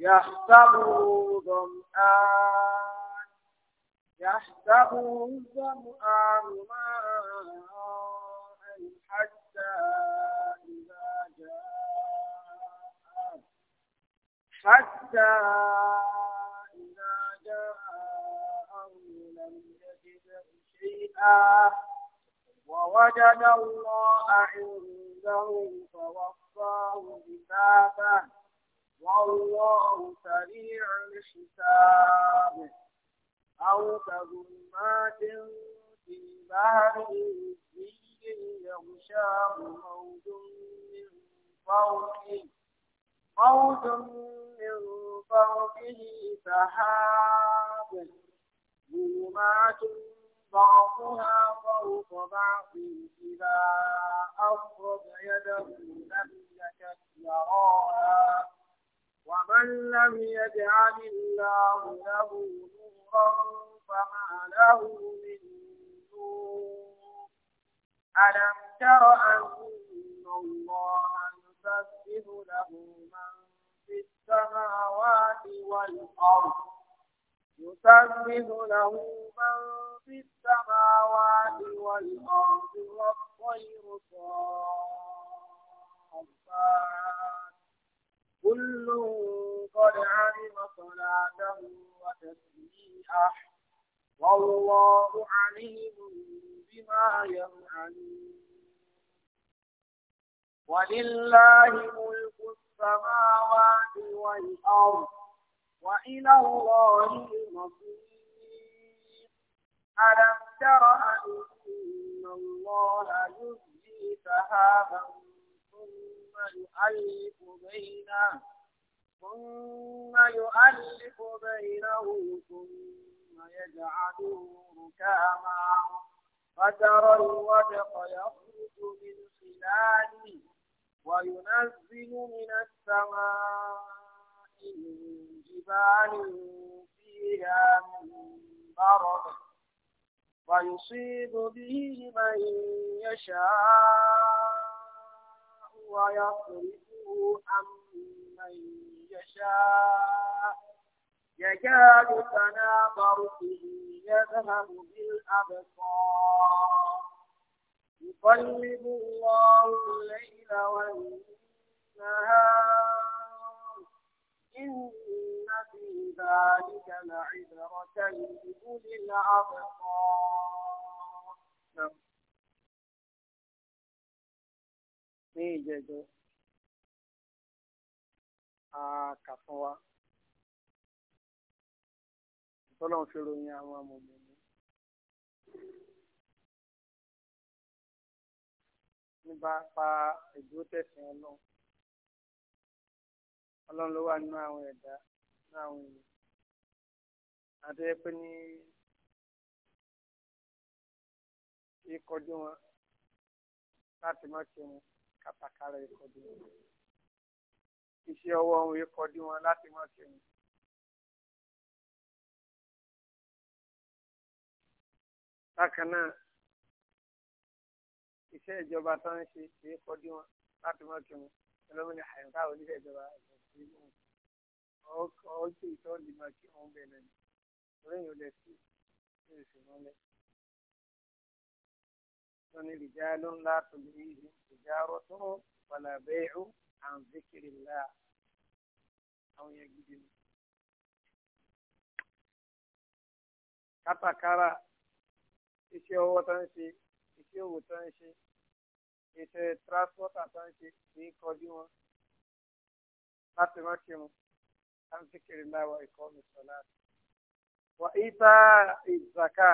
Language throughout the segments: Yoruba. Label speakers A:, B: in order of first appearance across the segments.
A: يحسب ظمآن يحسبه الظمآن ماء حتى إذا جاء حتى إذا جاءه لم يجد شيئا ووجد الله عنده فوفاه حسابه والله سريع
B: الحساب أو كظلمات في بحر لجي يغشاه
A: موج من فوقه موج من فوقه سحاب ظلمات بعضها فوق بعض إذا أخرج يده لم
B: يكن يراها
A: ومن لم يجعل الله له نورا
B: فما له
A: من نور ألم تر أن الله يسبح له من في السماوات والأرض يسبح له
B: من في السماوات والأرض والطير صافات
A: كل قد علم صلاته
B: وتسبيحه والله عليم بما يفعلون ولله
A: ملك السماوات والأرض وإلى الله المصير ألم تر أن الله يزجي سهابا ثم يؤلف بينه ثم يجعله ركاما فترى الودق يخرج من خلاله وينزل من السماء من جبال فيها من برد ويصيب به
B: من يشاء ويصرفه عن من يشاء يكاد ثنا
A: برقه يذهب بالأبصار يقلب الله الليل والنهار إن في ذلك
B: لعبرة لأولي الأبصار نعم. ní ìjẹjọ a kà fún wa tọ́lọ́n fi ròyìn àwọn amòmìnir nípa pa ìdúró tẹ̀sán ọlọ́run ọlọ́run ló wà nínú àwọn ẹ̀dá nínú àwọn èèyàn àti ẹ pé ní kí wọn láti má kí wọn kàtàkárà ìkọdí wọn iṣẹ́ ọwọ́ wọn ìkọdí wọn láti mọ̀ sí wọn. bákan náà iṣẹ́ ìjọba tó ń ṣe kì í kọjú wọn láti mọ́ kí wọn ẹlọ́mìnira àyíká oníṣẹ́ ìjọba ìjọba ọ̀ọ́kì tó lè mọ́ kí wọ́n bẹ̀rẹ̀ ní oríyìn olè sí ìrìnsì mọ́lẹ̀
A: wọ́n ní rìjálù ńlá tóbi yìí ìjárọ̀ tó wàlà bẹ́ẹ̀rù
B: àǹzíkìrì ńlá àwọn yẹn gidi ni.
A: kátàkárà iṣẹ́ owó tó ń ṣe iṣẹ́ òwò tó ń ṣe iṣẹ́ tíránsọ́tà tó ń ṣe kì kọjú wọn láti má wọn àǹzíkìrì ńlá wa ìkọ́ mi wà ìta ìzàkà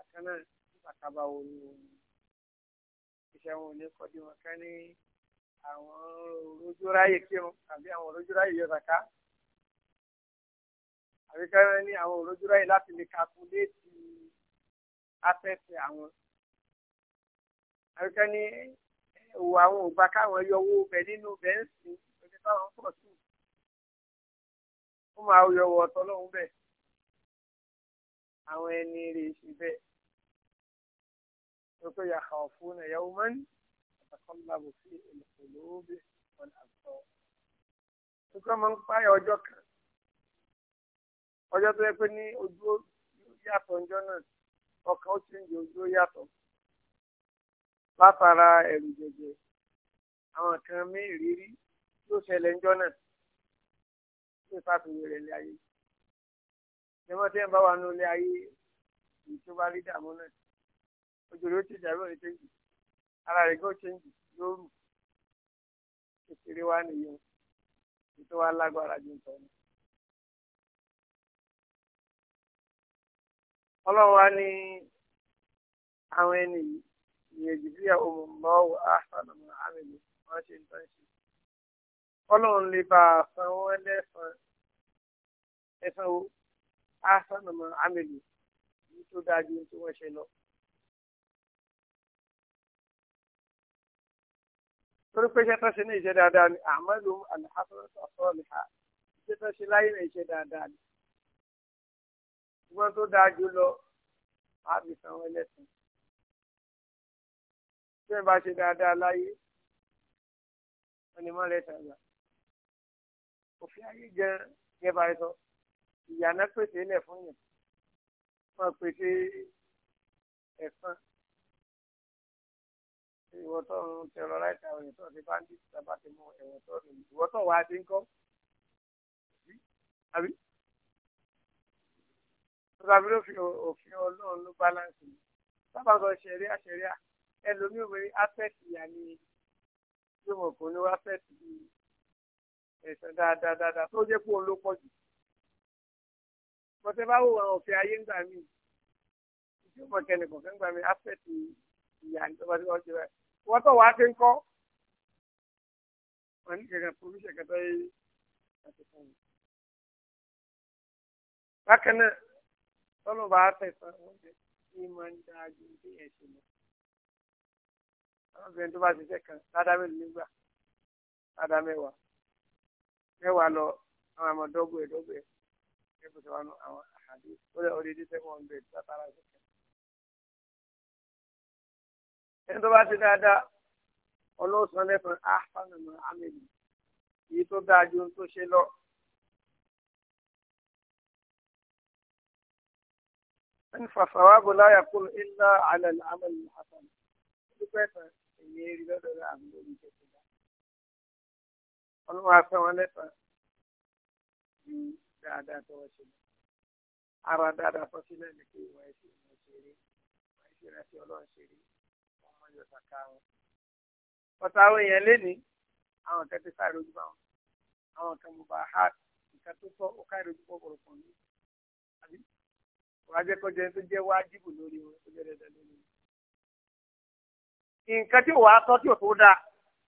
A: àkànnà ìzàkà bá wọlé wọn iṣẹ́ wọn ò ní kọ́ di wọn ká ní àwọn rojú ráyè kírun àbí àwọn rojú ráyè yọ zaka àbí ká ní àwọn rojú ráyè láti lè kakuléètì afẹ́fẹ́ àwọn àbí ká ní òwò àwọn ògbà káwọn yọwọ́ bẹ̀ nínú bẹ̀ ń sìn òkè táwọn pọ̀ sí ó máa yọwọ́ ọ̀tọ̀ lọ́hùn bẹ́ẹ̀ àwọn ẹni rè ṣe bẹ́ẹ̀ wípé yakhafuna yawman tataqallabu fihi al-qulubu wal-absar. wípé máa ń páyà ọjọ́ kan ọjọ́ tó yẹ pé ní ojú yàtọ̀ ọjọ́ náà ọkàn ó ti ń di ojú yàtọ̀ látara ẹ̀rù jẹjẹ àwọn kan mí ìrírí ló ṣẹlẹ̀ ńjọ́ náà ló ṣàfihàn rẹ̀ lé ayé. ní wọ́n ń bá wa nulẹ̀ ayé èyí rí dààmú náà ojú rẹ̀ ó ti jàbẹ́ òye kéjì ara rẹ̀ gbọ́ kéjì lóru kékeré wá nìyẹn ètò wa lágbára ju nǹkan ni. ọlọ́run wa ní àwọn ẹni ìyẹn jìbìyà ohun lọ́wọ́ àfàlùmọ́ àmìlẹ̀ wọ́n ṣe ń tán ṣe. ọlọ́run lè bá a san wọ́n lẹ́sàn-án ẹ̀sán o àfàlùmọ́ àmìlẹ̀ yìí tó dájú tí wọ́n ṣe lọ. torí pé iṣẹ́ tó ṣe ní iṣẹ́ dáadáa ni àmọ́lù alhassanat asọ́ọ̀lìhà iṣẹ́ tó ṣe láyé ní iṣẹ́ dáadáa ni ṣùgbọ́n tó dáa jù lọ àbí sanwó ẹlẹ́sìn tí wọ́n bá ṣe dáadáa láyé wọ́n ní mọ́lẹ̀ tàgbà òfin ayé jẹ gẹ́bà ẹ̀sọ́ ìyànà pèsè ilẹ̀ fún yẹn wọ́n pèsè ẹ̀sán ìwọ tó ń tẹrọráìtì àwọn èèyàn tó ti bandit tàbá ti mọ ẹ̀wọ̀n tó rìn ìwọ tó wà á dín kọ́ àbí tọ́tàbí ló fi òfin ọlọ́run ló báláǹsì ni sábà sọ ṣẹ̀ríà ṣẹ̀ríà ẹlòmíì wẹ̀ áfẹ́ẹ̀tì yà ni yóò mọ̀ kó ní wọ́n áfẹ́ẹ̀tì bíi ẹ̀sán dáadáa dáadáa tó jẹ́ pé òun ló pọ̀ jù bọ́tẹ́ bá wò àwọn òfin ayé ń gbà mí yóò mọ̀ kẹ́nìkọ̀ọ́kẹ́ ń gbà mí áfẹ́ẹ̀tì ìyá ní tí wọ́n ṣe báyìí wọ́n tó wàá fi ń kọ́ wọ́n ní kankan pòlíṣẹ̀ kẹta yìí láti fún mi. bákan náà tọ́lọ̀ bá tẹ̀sán wọ́n jẹ́ kí máa ń dáa ju bí ẹ̀ ṣe lọ. àwọn obìnrin tó bá ṣiṣẹ́ kan ládàá mélòó nígbà ládàá mẹ́wàá mẹ́wàá lọ àwọn àmọ́ dọ́gbẹ̀ẹ́ dọ́gbẹ̀ẹ́ ẹ̀ bùsọ̀ wọn àwọn àhàdí ó lẹ́ ọ̀rẹ́dẹ́sẹ̀ wọn bẹ̀rẹ̀ látara ṣẹ̀kẹ̀ ẹni tó bá ṣe dáadáa ọlọ́sàn lẹ́fọn ah, áfàmìmọ̀ àmìlì èyí tó dáa ju ohun tó ṣe lọ. ẹni fàfàwà bò láyà kúrò ilá àlẹ́ àmàlì
B: hasan dúpẹ́ tán èyí rí lọ́dọ̀ rẹ̀ àmì lórí ìjẹsẹ̀ dá.
A: ọlọ́run afẹ́ wọn lẹ́fọn ju dáadáa tó wọ́n ṣe lọ. ara dáadáa
B: fọ́sílẹ̀ ní kí ìwọ̀n ṣe rí ìwọ̀n ọlọ́run ṣe rí yọ sàkà wọn
A: ọ̀tá àwọn èèyàn lénìí àwọn kan ti sáré ojú bá wọn àwọn kan mo bá ha nǹkan tó tọ́ ó kárí ojú pọ̀pọ̀rọ̀ pọ̀ ní àbí wọ́n á jẹ́ kọjá tó jẹ́ wájibù lórí wọn tó jẹ́ dandan lórí wọn. nǹkan tí wàá tọ́ tí ò tó dáa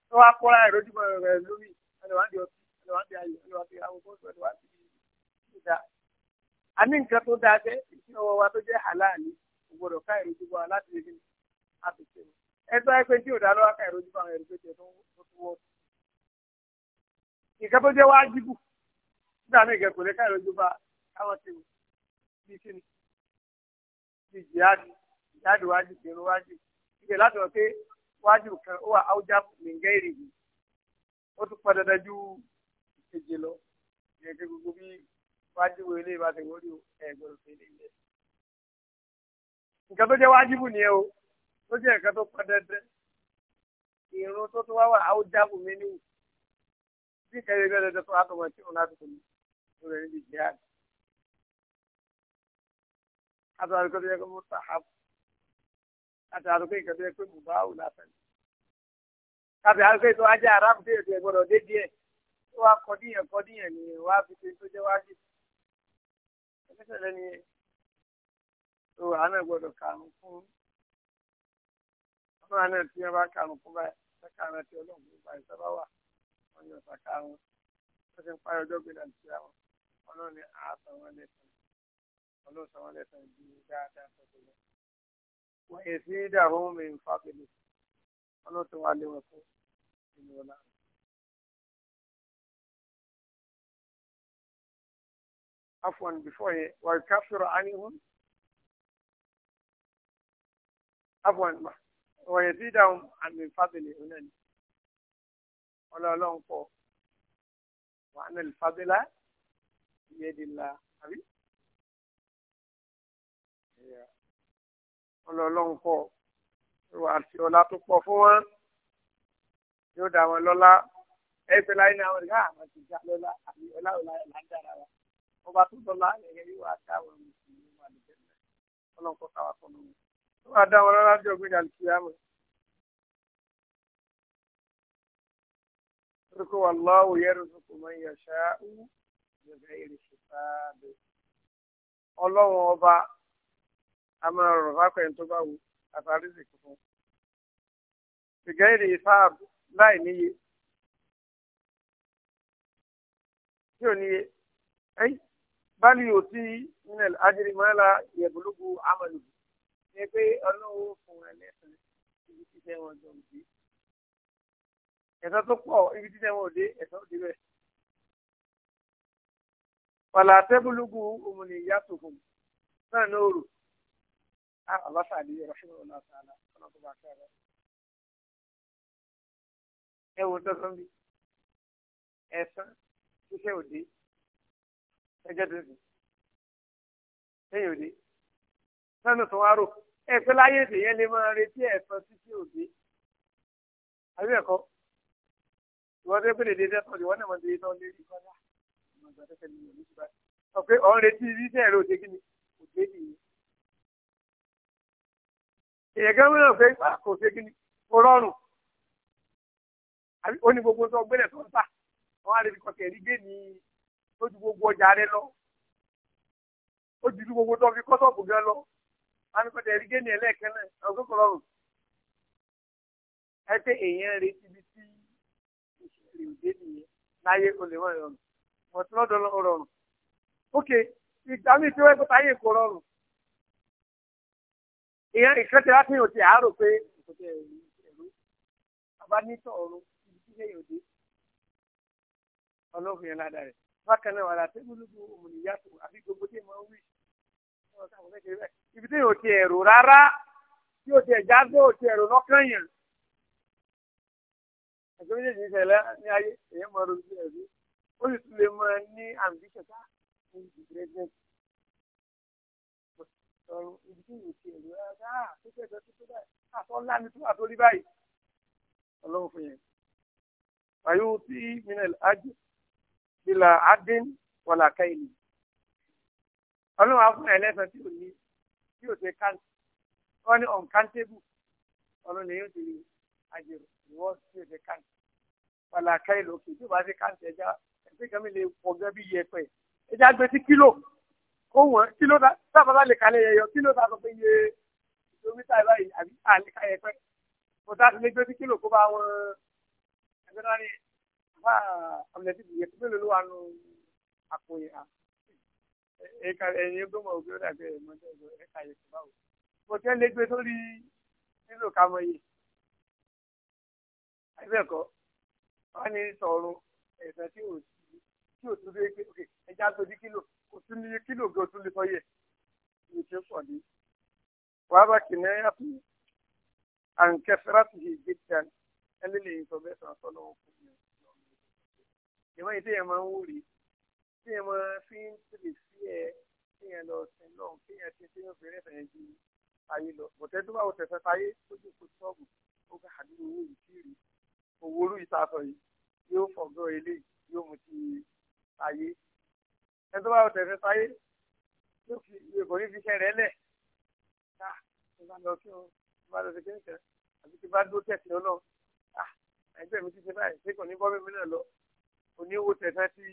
A: tó wàá kóra ẹ̀rọ ojú bọ̀ rẹ̀ lórí ẹlẹ́wàádìí ọtí ẹlẹ́wàádìí ayò ẹlẹ́wàádìí àwọn bọ́ọ̀sì ẹlẹ́wàádìí ìdá. a ní nǹkan tó dáa jẹ́ ìṣẹ́ ọwọ́ wa tó jẹ́ àlàálì ògbọ́dọ̀ káàrí ojú bọ̀ láti lè ẹ tó ẹ pé tí o dá lọ́wọ́ kẹrù ojú fáwọn ẹ̀rí pé tí ò tó wọ́. nǹkan tó jẹ́ wájibù nígbà míì kẹ kò lè kẹrù ojú fa káwọn ti bí kí ni ti jihadi jihadi wájibù ìrù wájibù ìgbẹ́ láti wọ́n pé wájibù kan ó wà áwùjá nìgẹ́ ìrìbì ó tún pọn dandan ju ìkejì lọ ìrèké gbogbo bí wájibù ilé ìbáṣe wọlé ẹ̀ gbọ́dọ̀ fi ilé ilẹ̀ nǹkan tó jẹ́ wájibù nìyẹn o tó jẹ́ ẹ̀ka tó pọn dandan ìrún tó tún wá wà áwọ̀ jáàbù mi níwò bí kẹrin bẹ́ẹ̀ dandan tó wà tó mọ̀ tí òun láti kò ní tó rẹ̀ níbi ìjẹ́ àgbà. àtàwọn àdúgbò tó yẹ kó mú sàhábù àtàwọn àdúgbò ìkàtó yẹ kó mú báwù lásán. tàbí àdúgbò tó ajá aráàmù tó yẹ kó gbọdọ̀ dé díẹ̀ tó wá kọdíyàn kọdíyàn ni wàá fi ṣe tó jẹ́ wájú. ẹgbẹ́ sẹ́lẹ̀ ni àwọn náà gbọdọ̀ kàrún fún fúnra náà tí wọ́n bá karùn-ún kó báyìí sàkà náà tí ọlọ́run kó báyìí sábà wà ni? yọ sàkà wọn wọ́n ti ń parí ọjọ́ gbé náà sí àwọn ọlọ́run ní àásán wọn ọlọ́run sọ wọn lẹ́sàn ju dáadáa sọ̀tọ̀ lọ. wọ́n yẹ sí ìdáhùn
B: mi ń fábìlì ọlọ́run tó wà lé wọn fún ìlú ọ̀la. afwan before yẹ wà káfíọ̀rọ̀ ánìhùn afwan
A: bá wọ̀nyẹ̀ sí dáhùn àmì fábìlì ọ̀nà ni ọlọ́ọ̀lọ́hún pọ̀ wàá nà lè fábìlà yé di la àbí ọlọ́ọ̀lọ́hún pọ̀ wàá fi ọlá tó pọ̀ fún wọn yóò dá wọn lọ́lá ẹgbẹ́ láyé náà wọ́n ká àwọn ah, ti dá lọ́lá àbí ọlá ọlá là ń dára wa wọ́n tó lọ́lá ẹ̀yẹ yóò wá dá wọn mùsùlùmí ọlọ́ọ̀kọ́ káwá fọ́nà wọn ó máa dá wọn lọ́lá jọ gbé dàlùkìyàmù. Orúkọ wallahu yarzuqu man yasha'u bighairi hisab. Ọlọ́run ọba a máa rọ̀ fákọ̀yìn tó bá wù àtàrí ìsìnkú fún. Bighairi hisab láì níye. Tí ò níye, báyìí ò sí nílẹ̀ ajínigbọ́n la yẹ̀bùlùkù amàlùkù ṣe pé ọlọ́wọ́ fún ẹ lẹ́sìn ibi tí sẹ́wọ̀n jọ ń gbé ẹ̀sọ́ tó pọ̀ ibi tí sẹ́wọ̀n òde ẹ̀sọ́ òde bẹ́ẹ̀. Fàlà tẹ́bùlùgù òmùnì
B: ìyá tòkùn náà ní òrò. A ah, bàbá sàdé ìrọ̀ṣẹ́ wọn náà sàlá ọ̀nà tó bá sàlá. Ẹ wo tọ́sán bí? Ẹ̀sán ṣíṣe òde. Ẹjọ́ tó dùn.
A: Ṣé lọ́nà tó wá rò ẹ pé láyé èdèyàn lè máa retí ẹ̀fọn títí òde àbí ẹ̀kọ́ ìwọ́n tó gbélé dé dẹ́tọ̀ ìwọ́n náà mọ̀ dé tán lé ìkọ́lá ọmọ ìgbà tẹ́tẹ́ ni ìlú ti báyìí sọ pé ọ̀n retí iṣẹ́ ẹ̀rọ òde kí ni òde nìyí. èèyàn gẹ́gẹ́ náà fẹ́ kò ṣe kí ni kò rọrùn àbí ó ní gbogbo tó gbélé tó ń tà wọ́n á lè fi kọ̀kẹ́ gé ní lójú gbogbo ọjà rẹ lọ ó gbogbo tó fi kọ́ wọn kọ́ ni géèmì ẹlẹ́ẹ̀kan náà ọgbọ́n kọ́ lọ́rùn. ẹ pé èèyàn retí ibi tí ìṣẹ̀lẹ̀ òde nìyẹn láyé olè wọ́n rọrùn wọ́n tún lọ́dọ̀ rọrùn. ok ìgbà mi ti wáyé kóta ayé kò rọrùn. èèyàn ìkẹ́tẹ̀ wá pín òtí àárò pé ìkọ̀tẹ̀ ẹ̀rú àbá nítọ̀ ọ̀run ibi tí ìṣẹ̀lẹ̀ òde ọlọ́run yẹn ládàá rẹ̀ bákan náà wàrà tẹ́gbẹ́lúgbò òmìnira tó àbí gbogbo tí mo ibi tí yóò ti ẹ̀rù rárá tí yóò ti ẹ̀já tó yóò ti ẹ̀rù lọ́kàn yẹn. ẹ̀jẹ̀ méjèèjì ń ṣẹlẹ̀ ní ayé èyí mọ ọdún sí ẹ̀rù ó sì tún lè mọ ẹ ní àǹdí kẹta ní ìgbésẹ̀ ọ̀run ọlọ́run fún yẹn. àyùtí minel adé bila adé wàlàkà ènìyàn ọlọ́run afún ẹ̀ lẹ́sàn tí ò ní tí ò ṣe káńtì wọ́n ní ọ̀nkántéèbù ọlọ́run èyí ò ti rí àjèrò ìwọ́ tí ò ṣe káńtì pàlàkà ìlòkè tí ò bá ṣe káńtì ẹja ẹgbẹ́ kan mi lè pọ̀ gẹ́ bí yẹpẹ ẹja gbé sí kílò ó wọ̀n kílò sábà bá lè kalẹ̀ yẹyọ kílò tá a sọ pé iye kìlómítà báyìí àbí àlékà yẹpẹ kò tá lè gbé sí kílò kó bá wọn ẹgbẹ́ náà ní àmì ẹ̀ka ẹ̀yìn gbọ́mọ̀ òbí ó dàgbé ẹ̀mọ́ tẹ̀sán ẹ̀ka yẹ̀kọ́ báwo mo tẹ́ lé gbé sórí nílò kámọ́yé àìbẹ̀kọ́ wọ́n ní sọ̀rọ̀ ẹ̀sán tí ò tí ò tún lé pé ok ẹja tó di kílò tún ní kílò gan tún lè ti pọ̀ ní. bá yìí gbé tí ẹ mọ fi ń tìrì sí ẹ kí ẹ lọ sin lọ́hùn kí ẹ ti tẹ́yìn obìnrin fẹ̀ ju ayé lọ bọ̀tẹ́ tó bá wọ tẹ̀sán fayé tó jù kó sọ́ọ̀bù ó bá àdúgbò owó yìí kiri owó olú ìtàsọ yìí yóò fọ̀gọ́ ilé yóò mú ti ayé ẹ tó bá wọ tẹ̀sán fayé yóò fi ìbò ní fi ṣe rẹ̀ lẹ̀ ká tó bá lọ kí wọn tó bá lọ sí kéńkẹ́ àti tó bá dó tẹ̀sí ọ náà ẹgbẹ́ mi ti ṣe báyìí ṣé kò ní bọ́ mímí náà lọ oníwó tẹ̀sán ti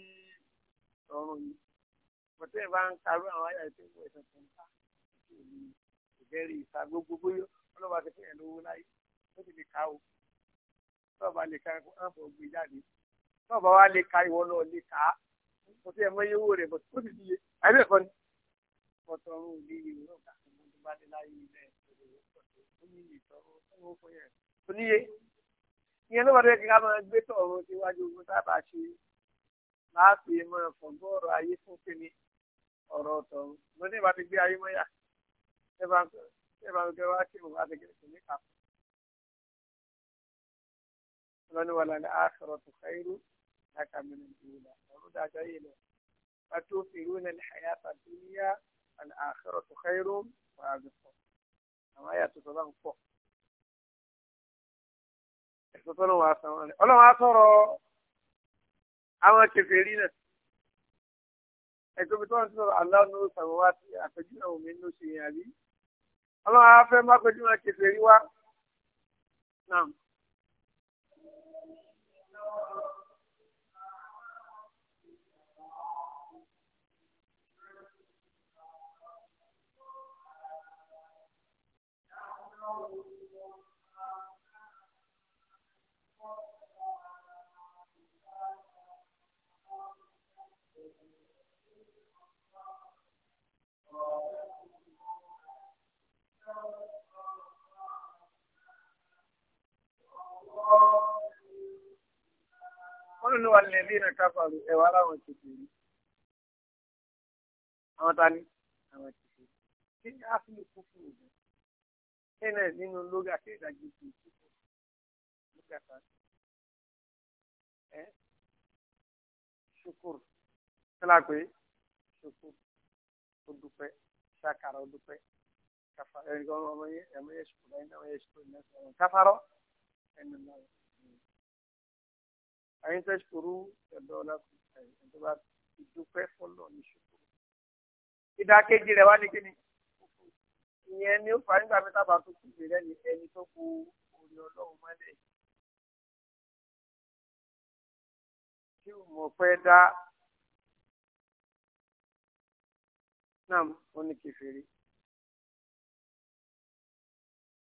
A: tọrùn yìí pọ̀tẹ́ bá ń karú àwọn àyà ètò ìwé ìtàn tó ń bá ìbẹ̀rẹ̀ ìta gbogbo bóyá ọlọ́ba ti fẹ́yẹ̀ lówó láyé ó ti lè ká o tọ́ọ̀bà lè ka ẹ̀kọ́ àbọ̀ gbé jáde tọ́ọ̀bà wa lè ka ìwọ náà lè ká pọ̀tẹ́ ẹ̀mọ́ yẹ owó rẹ̀ bọ̀ tó ti diye àyè bẹ́ẹ̀ kọ́ ni pọ̀tọ̀rùn òní ìwé náà gbà tó bá dé láyé ilẹ̀ ìtọ́rọ̀ ó ní ìtọ́rọ̀ láti mọ ẹ̀fọ̀gbọ́ ọ̀rọ̀ ayé fún kíni ọ̀rọ̀ ọ̀tọ̀ mo ní ìbá ti gbé ayé mọ́yà ẹ bá ń gbé wá kí mo bá ti gbé sí ní kàfọ́. ọlọ́ni wà lálẹ́ àṣọrọ̀ tó káyérú láka mìíràn ìlú la ọ̀rọ̀ dájọ́ yìí lọ. pàtó fèrú ní àyà tàbíyá àṣọrọ̀ tó káyérú wà á gbé pọ̀ àwọn àyà tó sọ bá ń pọ̀. ẹ̀sọ́ tó lọ́wọ́ àwọn kèfèrí náà ẹ̀tọ́ bí tí wọ́n ti sọ̀rọ̀ aláwọ̀ ló sọ̀rọ̀ wá sí àpèjúwe àwọn omi ló ṣe yẹn àbí ọlọ́run á má pẹ́jú wọn kèfèrí wá
B: Thank you.
A: ọlọ́ni wà lẹ́bí rẹ̀ káfàrú ẹ̀wà láwọn ti fi rí àwọn ta ni àwọn ti fi rí kí á fi lè kú fún ìgbà kí náà nínú lóga kí
B: ìdájí fi kú fún lóga ta ẹ ṣukur kílá pé ṣukur
A: ó dúpẹ́ ṣàkàrà ó dúpẹ́ káfàrọ ẹnìkan ọmọ yẹn ẹmọ yẹn ṣukur ẹnìkan ọmọ yẹn ṣukur ẹnìkan káfàrọ ẹnìkan ọmọ yẹn àyìn tẹ́ ṣòro ẹ̀dọ́ ọlákùn ẹ̀dọ́ bá ìdúpẹ́ fọlọ́ ní ṣòro. ìdákejì rẹ̀ wá ní kíni ìyẹn ni ó fà nígbà mi tábà tó kú ìbéèrè ní ẹni tó
B: kú orí ọlọ́run mọ́lẹ̀. tí mo fẹ́ dá náà ó ní kẹfìrí.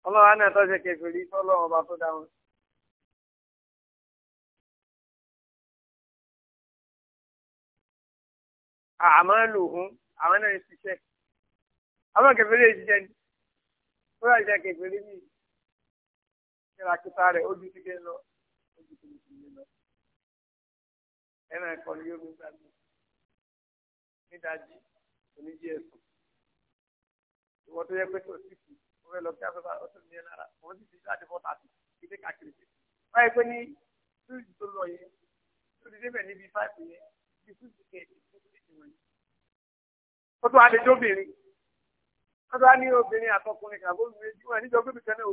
B: ọlọ́run á náà tọ́jú kẹfìrí tọ́lọ́run ọba tó dáhùn sí. àmọ́ lò hún àwọn náà ń
A: ṣiṣẹ́ àwọn kẹfẹ́rẹ́ ìṣiṣẹ́ ni ó rà ìṣe kẹfẹ́rẹ́ ní ìṣẹ́ra kíta rẹ̀ ojú ti gé lọ ojú ti lè fi lọ ẹ̀rọ ẹ̀kọ́ ni yóò gbégbá mi nídàájí oníjì ẹ̀sùn ìwọ tó yẹ pé tó sì kù mo fẹ́ lọ bí afẹ́fẹ́ ọtún mi lára mo sì ti jáde bọ́ta sí ilé káàkiri wáyé pé ní túùjì tó lọ yẹ tó ti débẹ̀ níbi fáìpù yẹ bí túùjì kẹ́ẹ̀dì ó tún alẹ́ jóbìnrin ó tún á ní obìnrin àtọkùnrin kàbó obìnrin jù wọn níjọ gbẹbí kẹne o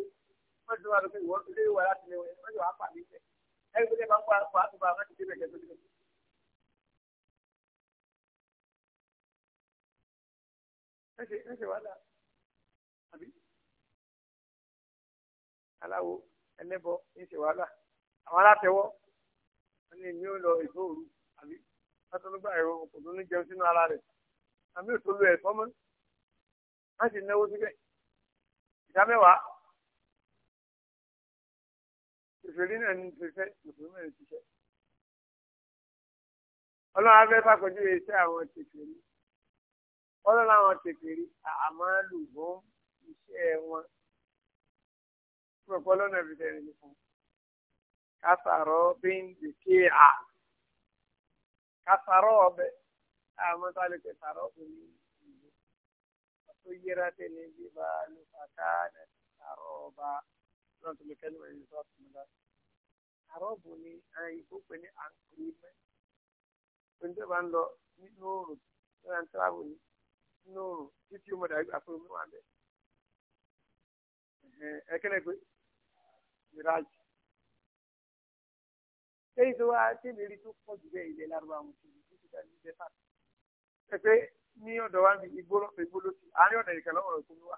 A: wọn ti wá lọ pé ìwọ ilé ìwà láti lè wọn yóò wá pa mí bẹ ẹni tó lè máa ń wá pa àtúbà wọn ti débẹ̀
B: kẹsàn-án níbẹ̀. ẹsẹ wàhálà àbí
A: aláwo ẹlẹ́bọ ẹsẹ wàhálà àwọn alátẹwọ́ wọn ni èmi ò lọ ìfowóru àbí látọlọgbà ẹ̀rọ kò tó ní jẹun sínú ara rẹ̀ àmì òtólú ẹ fọmọ láti náwó síbẹ̀ ìdá mẹ́wàá ìfèrí náà ní ìfẹsẹ mùsùlùmí ẹ ṣiṣẹ́ Ọlọ́run abẹ fàkọjú iṣẹ́ àwọn tètèrè Ọlọ́run àwọn tètèrè àmọ́ lùgbọn iṣẹ́ wọn fún ọpọlọ náà fi tẹ̀lé nìkan kásàrọ bí ń dèké à kasarobe amatali ke sarobe ni tujirate ni jibalu fakana saroba tunatumikani wenzatumuda sarobu ni ikukwe ni ankurime tunde bando ni nuru tunatrabu ni nuru titi umoda akurime wambe ekene miraji lẹ́yìn tó wá tẹ́lẹ̀rí tó pọ̀ jù bẹ́ẹ̀ ilẹ̀ lárúbá àwọn òṣèlú tó ti dàbí ilẹ̀ fà. ẹ pé ní ọ̀dọ̀ wa mi igbó igbó ló ti àárín ọ̀nà ìkàlọ́ ọ̀rọ̀ ìkó ló wà.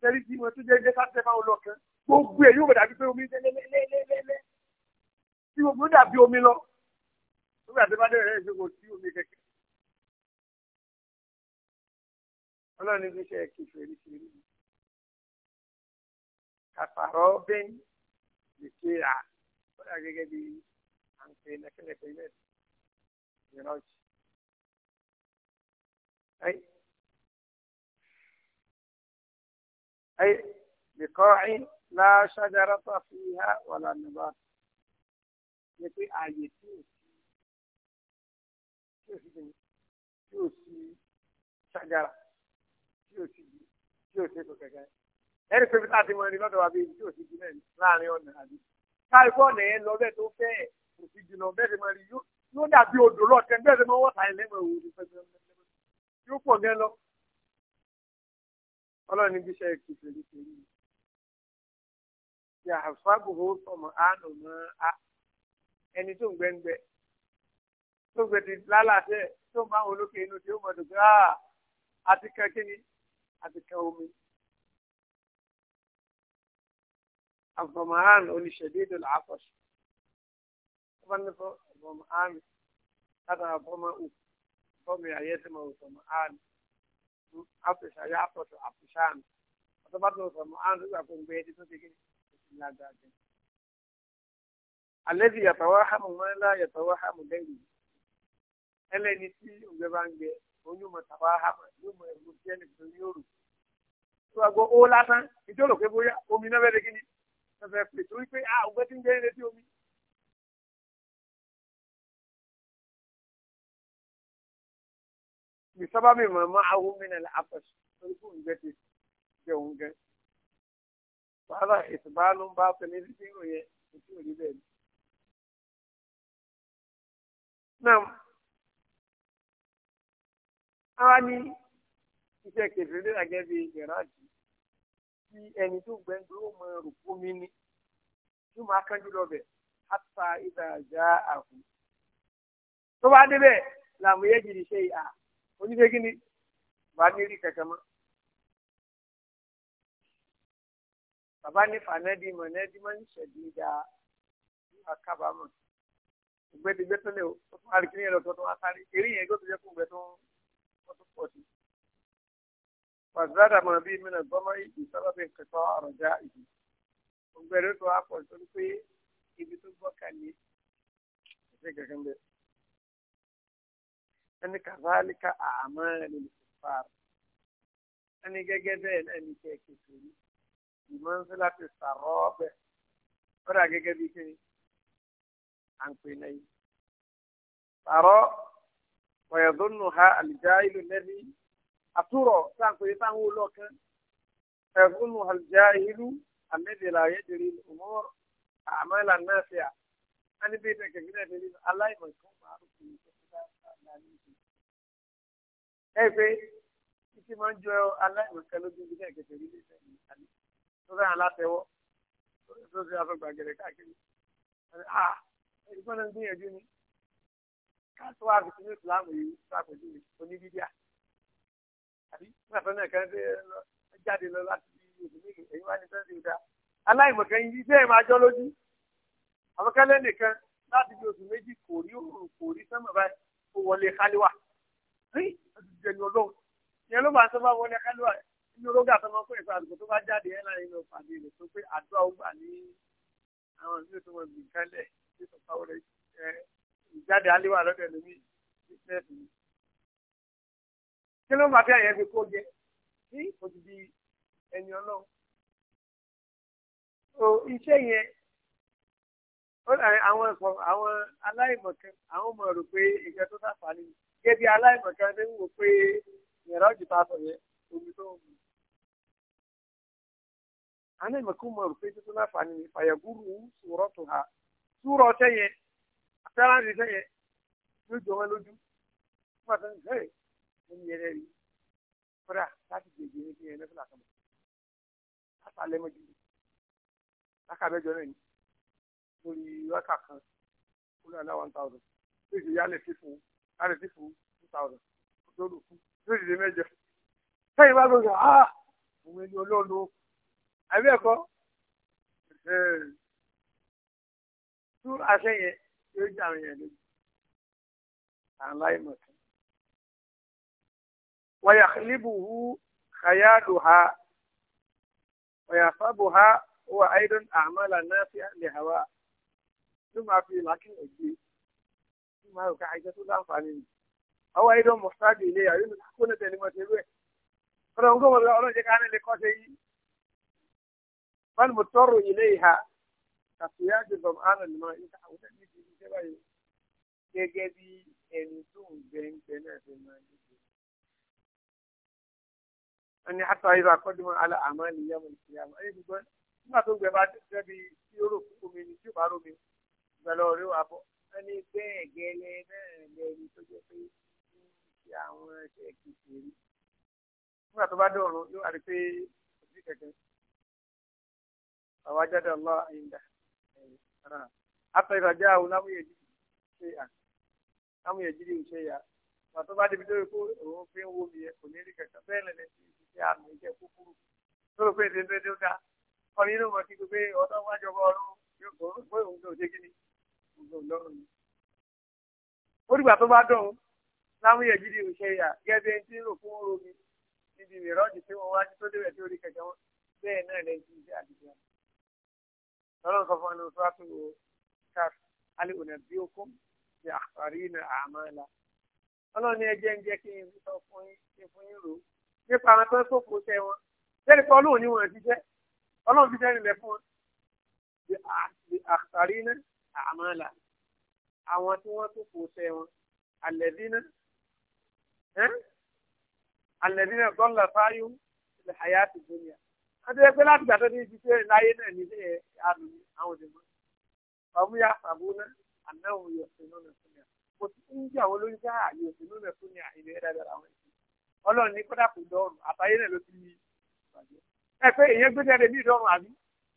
A: sẹ́rí tí wọ́n tún jẹ́ ilé fàṣẹ máa ń lọ kan gbogbo ẹ̀ yóò bẹ̀ dàbí pé omi lẹ́lẹ́lẹ́lẹ́lẹ́ tí gbogbo dàbí omi lọ. nígbà tí wọ́n dẹ̀rẹ̀ ẹ̀ṣẹ̀ kò sí omi kẹ̀kẹ́. ọlọ́run ibi iṣẹ́ kìfẹ́ rí ṣe rí mi. kàfàrọ̀ bẹ́ẹ̀ ní kéèrà ó dà gẹ́gẹ́ bíi na kile kile you أي أي بقاع لا شجرة فيها ولا نبات nítorí ààyè tí ò sí tí ò sí ṣàgàrà tí ò sí tí ò sí kò kẹ̀kẹ́ ẹni pé bí táà mọ ẹni lọ́dọ̀ wa bíi tí ò sí jù náà láàrin ọ̀nà àbí káàkiri ọ̀nà yẹn lọ tó fẹ́ẹ̀ kò sí jìnnà bẹ́ẹ̀ máa rí yóò dàbí odò lọ́ọ̀tẹ́ bẹ́ẹ̀ máa wọ́ta ẹ̀ lẹ́mọ̀ òwò ní pẹ̀lú yóò pọ̀ gẹ́ lọ. ọlọ́run níbi iṣẹ́ kìfèrè kìfèrè yìí yà àfàgùhó sọmọ àánú mọ́ a ẹni tó ń gbẹ́ngbẹ́ tó gbẹ ti lálàáṣẹ tó máa ń olókè inú tí ó mọ̀ dùgbà àti kan oníṣẹ̀dédé làákọ̀ṣe wonderful from army. That are from up. From here, yes, from army. After Shaya, after to Afishan. But about those from army, we are from Bedi to begin. الذي يتوهم من لا يتوهم غيره ẹlẹ́ni tí ele bá ń gbé onímọ̀ tàbá hàmà yóò mọ ẹ̀rù tí ẹnì kan yóò rò. tó a o ó lásán ìjọ rò pé bóyá omi náà fẹ́ẹ́ kí ni
B: fẹ́ẹ́ pè torí pé a ògbẹ́ ti ń gbé létí omi bí sábàbí màmá ahómìnà àpàṣẹ lórí fún ìgbẹ́ ti jẹ òun gẹ. wàhálà ìtùbá ló ń bá pẹ̀lú ní ti rò yẹn ètò òní bẹ́ẹ̀ ni. náà àwa ní
A: iṣẹ́ kẹfìrí àgẹ́ bí gẹ̀rájì tí ẹni tó gbẹ̀ngbẹ̀ ó mọ rògbò mi ní tó máa kánjú lọ bẹ̀ hátà ìdàjà àhùn. tó bá débẹ̀ làwọn yẹ́jì ní ṣe oníṣe kí ni bá ní rí kẹ̀kẹ́ mọ́. bàbá ní fànẹ́dì mọ̀nẹ́dì mọ́ ní ṣẹ̀dí ìjà ìwà kábàámọ̀ ìgbẹ́dẹgbẹ́ tó lè o tún àrí kíní ẹ̀rọ tó tún asáré eré yẹn yóò tó jẹ́ fún ìgbẹ́ tó tó pọ̀ sí. wàzúrádà mọ̀ bíi mìíràn gbọ́mọ ìdí sábàbí kẹtọ́ àròjà ìdí ògbẹ́rẹ́ tó wà ibi tó gbọ́ kàlí ẹ̀ṣẹ̀ kẹ̀kẹ́ ẹni kàzálíkà àmọ́ ẹni fàárọ̀ ẹni gẹ́gẹ́ bẹ́ẹ̀ náà ní kẹ́ kẹsì rí ìmọ̀ ń fi láti sàrọ̀ ọbẹ̀ kọ́dà gẹ́gẹ́ bí kí à ń pè náà yìí. Sàrọ̀ wọ̀yọ̀dúnnù ha àlìjá ìlú lẹ́bí àtúrọ̀ sáǹpé sáwọn olóòkan ẹ̀fúnnù àlìjá ìlú àmẹ́dẹ̀lá ayédèrè òmùr àmàlà náà fìyà. Ẹni bí ìtẹ̀kẹ̀ fílẹ̀ tẹ̀lé aláìmọ̀ ìkọ́ ẹ pé títí máa ń jọ aláìmọ̀kẹ́ lójú ibi náà kẹfẹ́ nílé sẹ́yìn ìtàlẹ́ tó fẹ́ràn látẹ̀wọ́ tó fi afọ́gbà gẹ̀rẹ́ káàkiri à ẹ̀dùnkọ́ náà ń gbìyànjú ni káàtó wà fi sínú ìsìláàmù yìí sàpèjú mi oníbídíà àbí nígbàtọ́ náà kẹ́rin tẹ́ jáde lọ láti bí ìdílé èyí wá ní sẹ́ńsì ìdá aláìmọ̀kẹ́ yìí bẹ́ẹ̀ máa jọ lójú àbọ̀kẹ́lẹ́ nìkan láti bí oṣù méjì kò rí òòrùn kò rí sẹ́mọ̀ báyìí ó wọlé káliwà ó ti jẹ́ ní ọlọ́run ìyẹn ló máa ń sábà wọlé kálíwà inú rógà tó máa ń pè fún àdúgbò tó bá jáde ẹ̀ láàrin inú pàdé rẹ̀ tó pé àdúrà ó gbà ní àwọn ìlú tó máa gbìn kálẹ̀ ní sọ̀tàwọ̀ rẹ̀ ìjáde aléwà lọ́dọ̀ ẹlòmíì bísíǹsì ni. kí ló máa fi àyẹ̀ fi kó jẹ sí òdìdí ẹni ọlọ́run. so iṣẹ́ yẹn àwọn aláìmọ̀kan àwọn ọmọ rò pé ìgbẹ́ tó sáfà nínú gẹ́gẹ́ bí aláìmọ̀kan ní wò pé ìrọ̀ jù ta sọ yẹ
B: omi tó ń mu.
A: aláìmọ̀kan mọ̀ rò pé tuntun náà fà ní fàyàgùrù sùúrọ̀ tó ha sùúrọ̀ ọ̀tẹ̀ yẹ àtẹ́láńdì tẹ̀ yẹ ló jọ wọn lójú fún àtẹ̀ ǹjẹ́ ẹni yẹn rẹ̀ rí kódà láti gbèjì ní kí ẹni fúlà kàmọ́ látàlẹ́ mọ́jú lákàbẹ́jọ náà ni lórí wákà kan kúlẹ̀ náà one thousand lóṣù yálẹ̀ fífún un a rẹ̀ sí fún two thousand tó lù fún tó dìde mẹ́jọ sẹ́yìn bá gbọ́dọ̀ ah òun ẹni olóòlù àbí ẹ̀kọ́ tú aṣẹ yẹn yóò jẹ àwọn yẹn lójú aláìmọ̀ sí. wàyà níbù hu kàyáàdù ha wàyà sábù ha wà áìdùn àmàlà náà fi lè hàwà tó máa fi làákìn ẹ̀gbẹ́ máa rò ká àìsàn tó láǹfààní ni àwọn ẹ̀dọ́ mọ̀sáàdì ilé yàrá ìlú kó lè tẹ̀lé mọ̀tẹ́ rú ẹ̀ ọ̀rọ̀ nǹkan mọ̀lẹ́ ọlọ́jẹ́ ká nílé kọ́ ṣe yìí wọn mo tọrọ ilé ìhà kàfíyà ti bọ̀ ánà lè máa ìta àwọn ẹni tí ìṣe báyìí gẹ́gẹ́ bí ẹni tó ń gbẹ ń gbẹ náà ṣe máa ń gbẹ. wọ́n ní àtàwọn ibà kọ́dún mọ́ alẹ́ àmọ́ ẹni tó gbẹ nígbà tó gbẹ bá wọ́n ní bẹ́ẹ̀ gẹ́lẹ́ bẹ́ẹ̀ lẹ́ni tó jẹ́ pé ṣe àwọn ẹ̀ṣẹ̀ kìkì rí nígbà tó bá dọ̀rùn yóò àrí pé kò sí kẹ̀kẹ́ àwọn ajáde ọlọ́ àyíǹda àtọ̀ ìrọ̀jà àwọn lámúyẹ̀dì ṣe à lámúyẹ̀dì rí ṣe yà nígbà tó bá débi lórí kó òun fi ń wo mi kò ní rí kẹ̀kẹ́ bẹ́ẹ̀ lẹ́lẹ́ sí iṣẹ́ àmì ìjẹ́ kúkúrú tó rò pé èdè ń bẹ́ẹ̀ dé ó dáa ọ̀rọ̀ yìí mọ̀ sí pé ọ̀dọ́ wájọ bọ́ọ̀lù lọ́rùn ni. ó dìgbà tó bá dùn láwọn yẹn gidi ìṣe yà gẹ́gẹ́ bí ẹni tí ń rò fún oorun mi níbi ìrọ́jì tí wọ́n wá tó débẹ̀ tí ó rí kẹ̀kẹ́ wọn bẹ́ẹ̀ náà lẹ́yìn tí ìṣe àdìgbò wọn. lọ́rùn kan fún ẹni tó wá tó wò káf alẹ́ ònà bí ó kún ti àfàrí ní àmàlà. ọlọ́run ẹ jẹ́ ń jẹ́ kí n sọ fún yín fún yín rò nípa àwọn tó ń sòfò tẹ wọn lẹ́yìn pé ọlọ́run ni wọ́n ti ọlọ́run ti nílẹ̀ fún wọn ti àfàrí ní àmàlà àwọn tí wọ́n tún kò sẹ́ wọn alẹ́dínà alẹ́dínà dọ́là fáyú ilẹ̀ àyà ti gbóni à. wọ́n ti rẹ pé láti gbàtọ́ ní ibi tí láyé náà ní ilé àrùn àwọn òdìmọ́. ọmúyà sàbúnà ànáwó yọ̀sìn náà fún yà. kò sí ń jẹ́ àwọn olóyún ká yọ̀sìn náà fún yà ilẹ̀ dáadáa àwọn ẹ̀sìn. ọlọ́run ní kọ́dà kò dọ̀rùn àtàyé náà ló ti yí ìbàjẹ́. ẹ pé èèyàn gbé jáde bí ìdọ̀rùn àbí.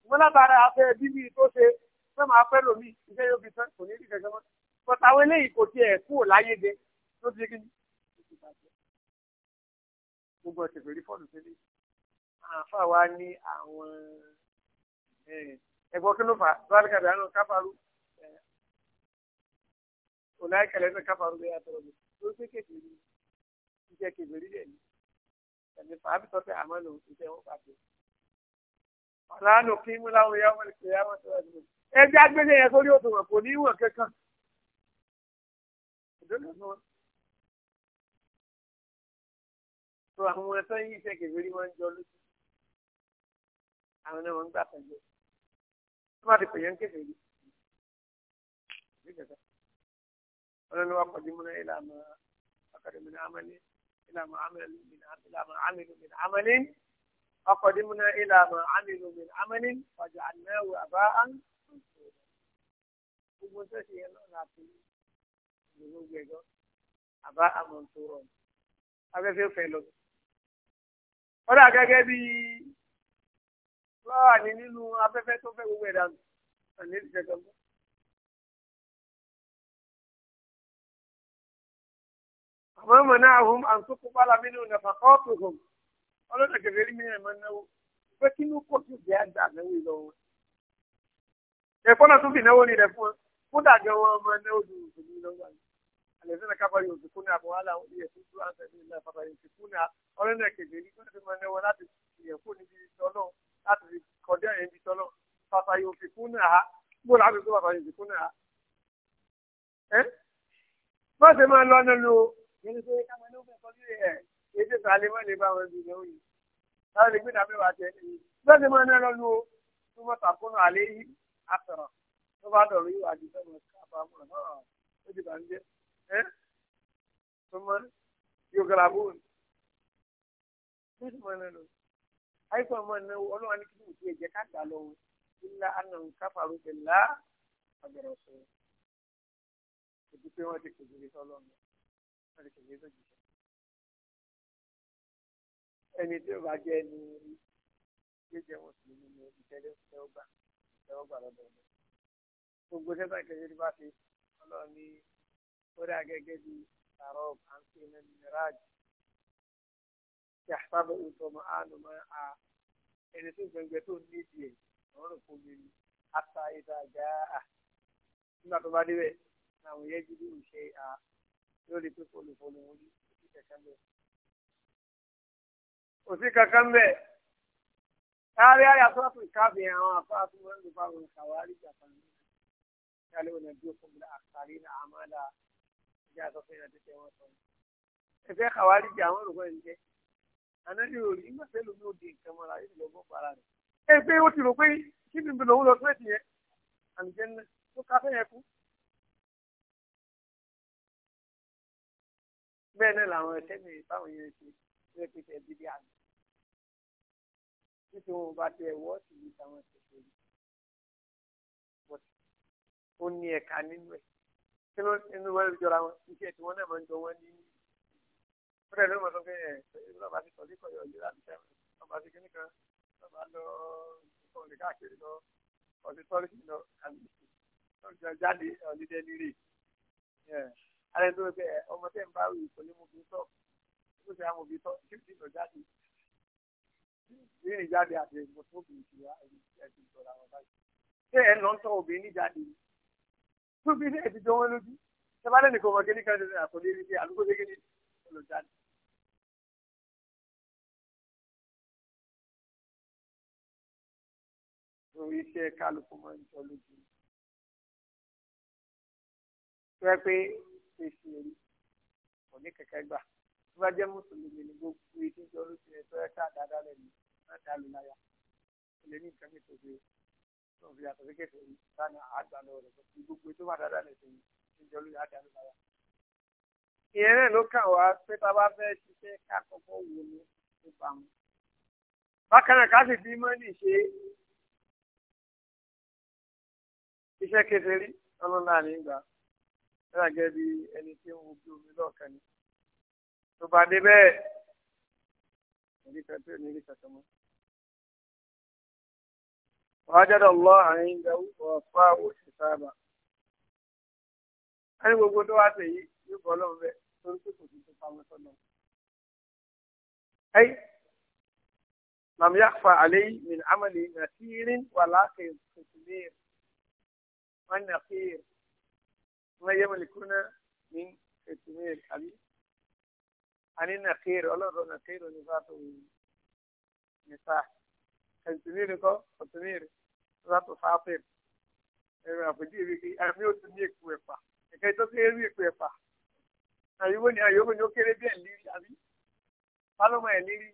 A: mo lábàárà afẹ́ bíbí tó ṣe fẹ́ máa fẹ́ lòmíì iṣẹ́ yóò fi tán kò ní í bọ́tà àwọn eléyìí kò tiẹ̀ kúrò láyé de tó ti kí gbogbo ọ̀sẹ̀ pẹ̀lú
B: fọ́ọ̀nù tẹ́lẹ̀ àfa wa ní àwọn
A: ẹ̀gbọ́n kí ló fà bárakàdé àánú káfàrú ọ̀làkàlẹ̀ náà káfàrú lẹ́yà tọ̀rọ̀ mi tó ṣe kékeré iṣẹ́ kékeré dẹ̀ ni ẹ̀mí fàábì tọ́tẹ̀ àmọ́ lòun ti tẹ́ wọ́n pàṣẹ.
B: ọ̀làánú kí múláwọ̀ yá wọn
A: kì í yá wọn tọ́wọ́ ẹgbẹ́ agbẹ́lẹ̀ sórí òtò wọn kò ní ìwọ̀n kankan òdòdó ni wọn. tó àwọn ẹ̀fọ́
B: yìí ṣe kèfèrí wọn jọ lójú àwọn náà wọn gbà pẹ̀lú tó bá ti pè yẹn kèfèrí
A: ọlọ́ni wa kọjú múná ìlànà akadé mi ní amẹ́lẹ́ ìlànà amẹ́lẹ́ mi ní ìlànà amẹ́lẹ́ mi ní amẹ́lẹ́ ọkọ̀dé múná ìlànà amẹ́lẹ́ mi ní amẹ́lẹ́ ọjà ànáwó
B: àbá àǹtí gbogbo tó ṣe yẹn náà láti gbogbo ẹ̀gọ́ àbá àmọ̀ntòrọ̀
A: afẹ́fẹ́ fẹ́ lọ. wọ́n dà gẹ́gẹ́ bí lọ́wọ́ ní nínú afẹ́fẹ́ tó fẹ́ gbogbo ẹ̀dá àní ìṣẹ̀kọ̀ mọ́. àmọ́ mọ̀ náà hùm àǹtókò bára mi ní ọ̀nà fàkọ́ọ̀tù hùm ọlọ́dà kẹfẹ́ rí mi náà máa náwó pé kí ló kó tó jẹ́ àgbà náwó ìlọ wọn. ẹ̀kọ́ náà tún fi náwó ni rẹ̀ fún wọn kódà gan wọn ọmọ ẹni odò òṣèlú lọ́wọ́ yìí àlẹ́sẹ̀ náà kábàárì òṣèkú ní àbọ̀ wàhálà àwọn ìyẹ̀sí tó àǹtẹ̀lẹ̀ ìlà bàbàrì òṣèkú ní ọ̀rẹ́ náà kejì èyí tó ti mọ ẹni wọn láti ìyẹ̀kú níbi tọ́lọ́ láti fi kọjá ẹ̀yìn bí tọ́lọ́ bàbàrì òṣèkú ní àhá gbọ́dọ̀ láti tó bàbàrì òṣèkú ní àhá. ẹ bá ṣe máa lọ ọ́nà lu ẹni tó yẹ káwọn ẹni ó fẹ́ kọ́ sí ẹ̀ èyí tó sàlẹ̀ mọ́ bá wọn bí lọ́wọ́ yìí láwọn gbé tó bá dọ̀rọ̀ yìí wà á di fẹ́ mọ̀ káàbàámọ̀ náà ó di bànújẹ́ ẹ́ tó mọ́ yóò gara bó ni tó sì mọ́ ẹ lọ. àìsàn ọmọ ẹ̀ ọlọ́wà ní kíkú ìdí ẹ̀jẹ̀ káàkiri àlọ́ wọn ilá
B: àna káfàró ti là ọ̀gẹ̀rẹ̀ sọ ìdí pé wọ́n ti kékeré sọ́lọ́mù wọ́n ti kékeré sọ́jì
A: ẹni tí ó bá jẹ́ ẹni
B: yóò wọn sì nínú ìtẹ́lẹ́fẹ́ ọgbà
A: ìtẹ́wọ́gbà lọ́dọ̀ ọ̀dọ̀ gbogbo sẹ́fà ìkẹyẹ tí bá ṣe ọlọ́run ní ó dà gẹ́gẹ́ bí àrọ́ àǹtí mẹ́rin mẹ́ráàjì yàtàbọ̀ ìtọ́mọ àánúmọ́ a ẹni tí gbẹngbẹ tó ní ìdí ẹ̀ àwọn rò kó mi
B: ata ìta àjà à
A: nígbà tó bá débẹ̀ làwọn yẹn jí bí ìṣe à lórí pé fọlùfọlù wọn ní
B: òsì kankan bẹ́ẹ̀.
A: òsì kankan bẹ́ẹ̀ káàrí àyàtọ̀ àti káàbì àwọn afáàfin wọn lè bá wọn kàwárí jàpá ní. قال أنبئكم بالأخسرين أعمالا جاء صفينة تتوسل ẹgbẹ́ kàwáríjì àwọn olùkọ́ ẹ̀ ń jẹ́ ànáni òòrì nígbà tẹ́ lómi òde nǹkan mọ́ra yìí lọ́gbọ́ para rẹ̀ ẹ pé ó ti rò pé kí ni bí lòun lọ sí ètì yẹn àlùjẹ ńlẹ tó ká fẹ́ yẹn kú. bẹ́ẹ̀ náà làwọn ẹ̀ṣẹ́ mi báwọn yẹn ṣe ṣe pété ẹbí dí àná nítorí wọn bá tẹ ẹ̀wọ́
B: sí ìtàwọn ẹ̀ṣẹ̀ pẹ̀lú
A: ó ní ẹ̀ka nínú ẹ̀ kí ló nínú wọn jọra wọn iṣẹ́ tí wọ́n náà máa ń jọ wọ́n ní fúnra ló mọ̀ tó fẹ́ ẹ̀ lọ́ba ti sọ̀rí kọ̀ yọ̀ yíra níṣẹ́ lọ́ba ti kíní kan lọ́ba lọ ìkọ̀ọ̀lẹ̀ káàkiri lọ ọ̀dẹ sọ́rí sí lọ ọ̀dẹ jáde ọ̀dẹ nílé alẹ́ tó fẹ́ ọmọ tẹ́ ń bá wì kò ní mo fi sọ ó sì á mo fi sọ kí ni lọ jáde ní ìjáde àti ìmọ̀tò jáde yìí tó bí náà ti jọ wọn lójú ṣe bá lẹ́nu kọ̀ọ̀kan
B: kí ní kan ṣe àkọlé rí pé àdúgbò ṣe kí ní olùjáde. orí iṣẹ́ kálukú máa ń jọ lójú. tó yẹ pé
A: ṣe ṣe èrí kò ní kẹ̀kẹ́ gbà tó bá jẹ́ mùsùlùmí ni gbogbo ìdíjọ lójú ẹ̀ tó yẹ ká dáadáa lẹ́nu má dá lù láyà kò lè ní nǹkan mi tó gbé lọ́wọ́ fi yàtọ̀ sí kékeré sani àgbà lọ́wọ́ rẹ̀ kí gbogbo tó bá dáadáa lè tẹ̀yìn ìjọ lóye àdàlù báyà. ìyẹn náà ló kàn wá pé tá a bá fẹ́ ṣiṣẹ́ ká kọ́kọ́ wò ní ìbámu. bákan náà ká sì fi mọ́nì ṣe iṣẹ́ kékeré ọlọ́lá ní ìgbà ẹ̀rọ gẹ́gẹ́ bí
B: ẹni tí ń wo bí omi lọ́ọ̀kan ni.
A: tó bá dé bẹ́ẹ̀
B: nírí tó nírí kan tó mọ́
A: wàhájáde الله àyìn ìdáwó ọ̀fà òṣìṣẹ́ àbá. ẹni gbogbo tó wá sí yìí yóò bọ́ lọ́wọ́ bẹ́ẹ̀ torí pé kò sí tó pa wọn sọ́nà. ẹyí màmú yá fa àlẹ́ yìí mi ní amẹ́lẹ́ yìí nà sí irin wà láàkè kòtùmíìr wọn nà fìr wọn yẹ mẹ́lẹ́ kúnná ní kòtùmíìr àbí. àní nà fìr ọlọ́run nà fìr onífàtò nìfà ẹ̀ǹtìmírì kọ́ ọ̀tìmírì látò fáfẹ́ ẹ̀rọ àpèjì ìrìkì àmì òtún ní èkó ẹ̀fà ẹ̀kẹ́ tó kéré rí èkó ẹ̀fà àyíwó ni àyíwó ni ó kéré bí ẹ̀lírí àbí pálọ́mọ ẹ̀lírí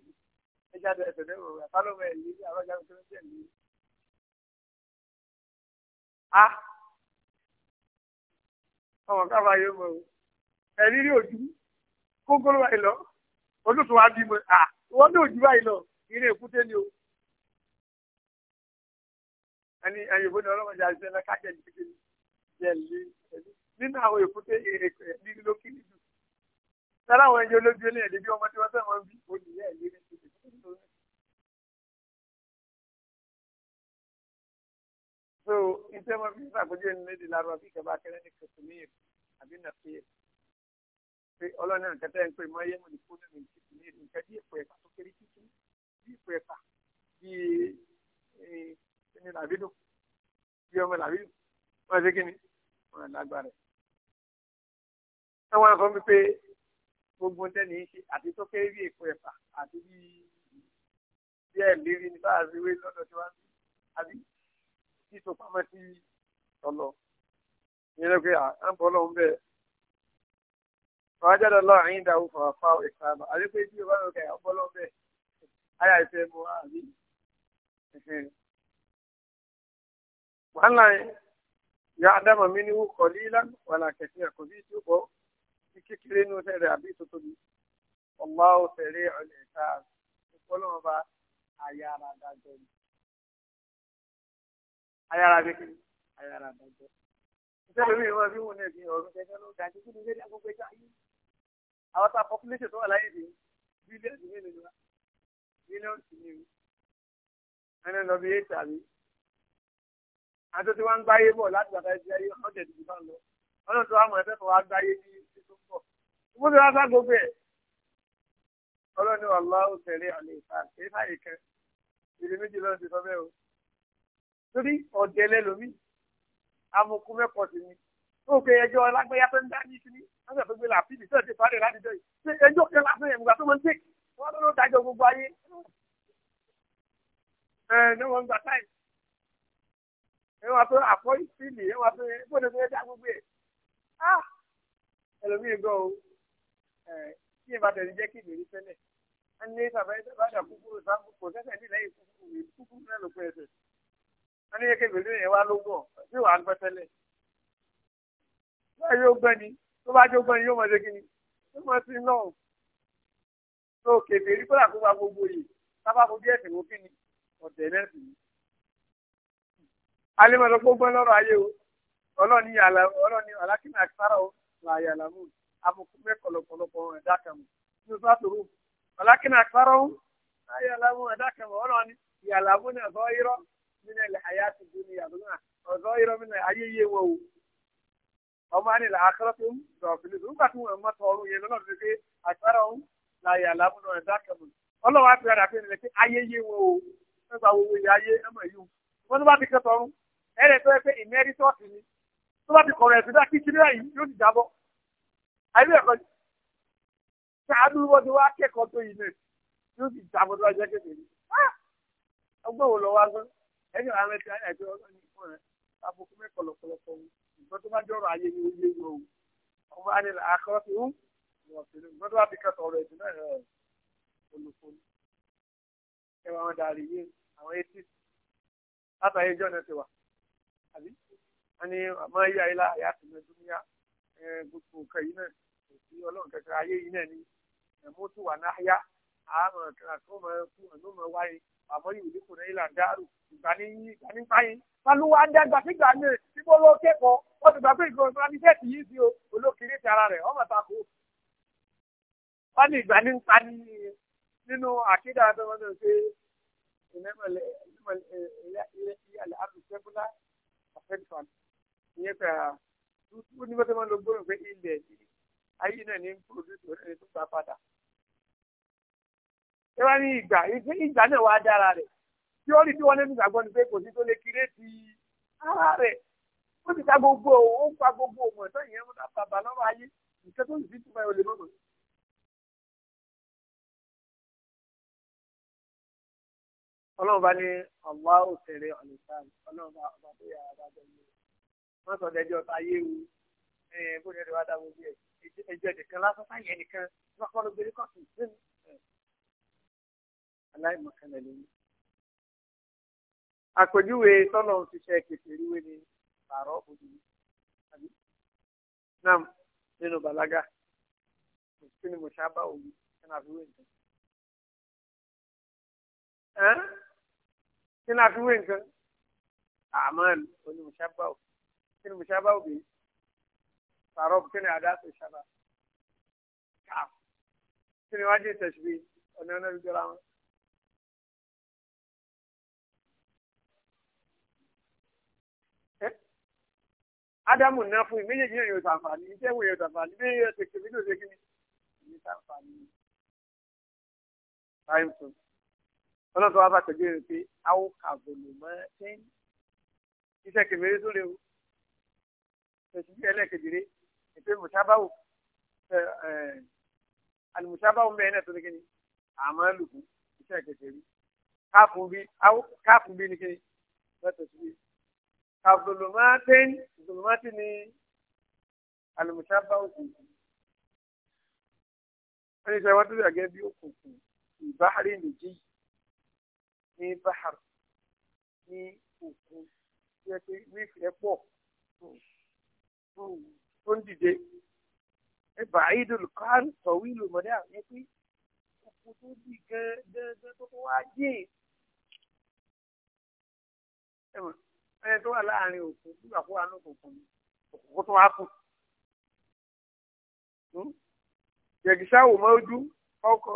A: ẹja ẹ̀sẹ̀ lẹ́wọ̀ rẹ̀ pálọ́mọ ẹ̀lírí àbájá ń kéré bí ẹ̀lírí. a ọmọ káfa yóò mọ o ẹ̀lírí òjú kókóró báyìí lọ olùtúwádìí mọ à wọ́n ní òjú báyìí lọ ìrìn èkúté ni o ẹni ẹyìnbó ni ọlọ́mọdé àti ẹ̀la kájẹ̀ ní kékeré yẹ lé nínú àwọn èkúté lílu ló kiri jù sára àwọn ẹyẹ olójú ẹlẹ́yìn ẹ̀dẹ́ bí ọmọ tí wọ́n sẹ́wọ̀n bí olùyẹ ẹ̀lẹ́ ní kékeré so iṣẹ́ wọn fi ṣàkójọ ní lédi lára bí ìjọba akẹ́rẹ́ ní kẹsàn-án ní èkó àbí nàfẹ́ yẹ pé ọlọ́ni àǹkẹ́tẹ́ ń pè mọ́ ẹyẹ mọ̀ ní kó lẹ́nu ìkẹsàn-án bí èkó ẹ̀ka tó kéré títí bí èkó ẹ̀ka bí kí ni làbí dùn bí ọmọ làbí dùn wọ́n ṣe kí ni
B: wọ́n lágbára ẹ̀.
A: táwọn afọ mi pé gbogbo tẹ́ni ń ṣe àti tó kéré bí èkó ẹ̀fà àti bí díẹ̀ lérí ní bá a ṣe wé lọ́dọ̀ tí wọ́n àbí títò pamọ́ sí ọlọ́ ìyẹn lọ́pẹ́ à ń bọ́ lọ́hún bẹ́ẹ̀. fàájà lọ́lọ́ àyín dàrú fàáfà ẹ̀ka àmọ́ àdépé tí o bá lọ́ọ́ kẹ́ ọ̀ bọ́ lọ́hún bẹ́ẹ̀ ayà ìfẹ́ wàhálà yàdàmà mi ni lila, ọ na kẹsì ẹkọ bí tí ó bọ ní kékeré tó tóbi ọmọ ọsẹrẹ ọlẹta ìfọlọmọba ayára dájọ ni ayára gbẹkẹ a àti tí wọ́n ń gbáyé bọ̀ láti bàtà ìdí ayé wọ́n tẹ̀ dìbò náà lọ ọlọ́run tó wà mọ̀ ẹ̀fẹ́ fọwọ́ gbáyé ní títún pọ̀ ìwọ́n ti wá sá gbogbo ẹ̀ ọlọ́run ní wàhálà ó tẹ̀lé àlè ìfà èyí fàyè kan ìdí méjì lọ́run ti sọ bẹ́ẹ̀ o torí ọ̀dẹ̀ lẹ́lòmí amukú mẹ́kọ̀ọ́ sí ni òkè ẹjọ́ lágbẹ́yà tó ń dá ní kíní wọ́n sọ pé gbé làpìlì tó ti ẹ wá tó àpọ́ ìsìlì ẹ wá tó bóde tó yẹ dá gbogbo ẹ̀ á ẹlòmíì gan o ẹ kí n bá tẹ̀lé jẹ́ kí ìbèrè tẹ́lẹ̀ á ní bàbá ẹ bá dà kúkúrú sáfù kò sẹ́sẹ̀ ní lẹ́yìn kúkúrú rẹ̀ kúkúrú náà ló pẹ́ ẹsẹ̀ á ní kí ìbèrè yẹn wá lógún ọ̀ sí wàá gbẹ́ tẹ́lẹ̀ báyìí ó gbẹ́ni tó bá jó gbẹ́ni yóò mọ̀ ṣe kí ni yóò mọ̀ sí náà tó kèbèrè kó alẹ́mọ̀tọ́ gbogbo lọ́rọ̀ ayé o ọlọ́ni alákínà àkàrà o là yà lámù àbùkù mẹ́kọ̀lọ̀pọ̀lọpọ̀ ẹ̀dá kan mu ní oṣù àtòrò alákínà àkàrà o là yà lámù ẹ̀dá kan mu ọlọ́ni ìyàlámù ní ọ̀zọ́ irọ́ nínú ilẹ̀ ayé àti ìdúnú ìyàdúnà ọ̀zọ́ irọ́ nínú ayé yé wọ o ọmọ àni là àkàrà tó ń dọ̀ fìlì nígbà tí wọn mọ tọrọ yẹn lọ́nà tó ṣe àkàrà o là yà lámù ẹ̀dá kan mu ọlọ́wọ́ àti ẹ̀rẹ̀ tó yẹ pé ni tó bá ti kọ̀rọ̀ ẹ̀sìn dá kíkiri báyìí yóò ti jábọ́ àìrí ẹ̀kọ́ ni ṣáájú wá kẹ́kọ̀ọ́ tó yìí náà yóò ti jábọ́ tó bá jẹ́ kékeré ọgbọ́n wo lọ wá gbọ́n ẹ̀yìn àwọn ẹ̀sìn àìsàn ọlọ́run ní fún rẹ̀ àbùkù mẹ́kọ̀lọ̀kọ̀lọ̀kọ̀ ìgbọ́n tó bá jọ̀rọ̀ ayé ni ó yé wọn o ọba ni náà ti wà àbí wọn ní àmọ́ yá ilá àyà tó mẹ́tò níyà gbogbo nǹkan yìí náà kò sí ọlọ́run kẹkẹ ayé yìí náà ni mọ́tò wà náà yá àmọ́ kan àti wọn máa kú ọ̀nà máa wáyé àmọ́ yìí òdìkù náà ìlà dárò ìgbani ìgbani báyìí balùwà ń dẹ́gbà sígbà náà tí mo lọ kẹ́kọ̀ọ́ wọ́n ti gbà pé ìgbọ̀n ìgbọ̀n abisẹ́ẹ̀tì yìí sí o olókèrè ti ara rẹ̀ ọmọ tako wọ́n ní ìgbani ń pa ní nínú àkídà tó wọ́n náà ṣe ìnẹ́mọ̀lẹ́ ìyá ìyá fẹ́ẹ̀fàn ìyẹn pé ó ní bọ́tẹ́ máa lo gbóòrùn pé ilẹ̀ ayé náà ní pòdúsì onírin tó gbà padà. ẹ wá ní ìgbà ìgbà náà wá dára rẹ̀ tí ó rí tí wọ́n ní ìgbàgbọ́ ni pé kò sí tó lè kéré ti ara rẹ̀ ó ti ta gbogbo ó ń pa gbogbo òmò ẹ̀tọ́ ìyẹn mú bàbá lọ́wọ́ ayé
B: nǹkan tó sì fi túmọ̀ ẹ̀ ò lè mọ̀mọ́. ọlọ́run bá ní ọ̀wá òtẹ̀rẹ ọ̀lẹ́sàn ọlọ́run bá ọba
A: tó yà wá bẹ́ẹ̀ ni wọ́n sọ dẹ́jọ́ ta yé wu bó ní ẹ̀rọ wá dáwọ́ bí ẹ̀ ẹjọ́ ẹ̀dẹ̀kan lásán sáyẹn nìkan wọ́n kọ́ ló gbé kọ́ọ̀tù sínú aláìmọ̀kànlẹ̀ lónìí. àpèjúwe tọ́nà òṣìṣẹ́ kékeré wé ni pààrọ̀ òjijì nam nínú bàlágà kí ni mo ṣáà bá òun kí n kí náà fi wé nǹkan àmọ́ọ̀lù onímọ̀ṣábáwò kí ni mọ̀ṣábáwò bèyí sàrọ̀ kí ni àdá tó ṣàbà káàf kí ni wájú ìtẹ̀síbí ọ̀nà ọ̀nà ìjọra wọn. ádámù náà fún méjèèjì yóò yóò sàǹfààní iṣẹ́ wo yóò sàǹfààní bí yóò ṣe kìnnìkan ṣe kìnnìkan ṣe kìnnìkan ṣàǹfààní ọlọ́run tó wá bá pẹ̀lú rẹ̀ pé àwọn kàbọ̀lù mọ́ ẹ́n iṣẹ́ kẹfẹ́rẹ́ tó léwu ẹ̀sùn bí ẹlẹ́kẹ̀dẹ̀rẹ́ ìpè mùsábáwò àlùmùsábáwò mẹ́rin náà tó ní kíni àmọ́ lùkù iṣẹ́ kẹfẹ́rẹ́ káàkùn bí ní kíni lọ́tọ̀ sí i kàbọ̀lù mọ́ ẹ́n kàbọ̀lù mọ́ ẹ́n ní àlùmùsábáwò kù wọ́n ní sọ tó yàgẹ́ bí òkùnkùn ìbáhárì ní bahar ní òkun tí ẹ pé wífẹ́ pọ̀ tó ń dìde ẹ bá idul kan sọ̀wí ìlú mọ̀dá ẹ pé òkun tó dì gẹ́gẹ́ tó wá jẹ́ ẹ tó wà láàrin òkun nígbà tó wà ní òkùnkùn òkùnkùn tó wá kù hmm? yẹ̀gísà wò mọ́ ojú ọkọ̀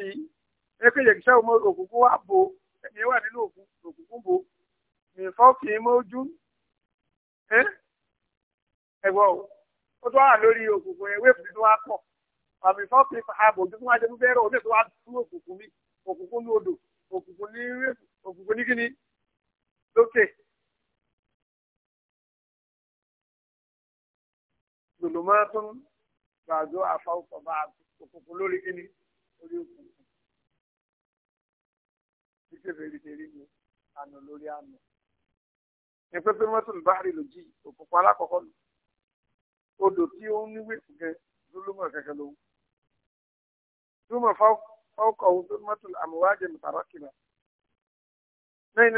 A: yìí ẹ pé yẹ̀kíṣà ọmọ òkùnkùn wà bo ẹ̀mí wà nínú òkùnkùn bo mi fọ́ kì í mójú ẹ̀gbọ́n o ó tún wà lórí òkùnkùn yẹn wéèpù tó wà pọ̀ àmì fọ́ kì í ààbò tó wà jẹ́ bẹ́ẹ̀rẹ̀ òun tó wà tún òkùnkùn mi òkùnkùn ní odò òkùnkùn ní wéèpù òkùnkùn ní kíni lókè. Dùlùmọ́ tún gbàdúrà fáwọn ọba òkùnkùn lórí kíni lórí òkùnkùn kèfèrí ṣe rí ni àná lórí àná ní pépé mọ́tò ní báàrí lòjì òkùnkùn alákọ̀ọ́kọ́ lò odò tí ó ń níwèé fún gẹ lólúmọ̀ kẹ̀kẹ́ lòun túmọ̀ fáwọkọ̀ ohun tó mọ́tò àmúwájẹ mùtàrà kìlà lẹ́yìn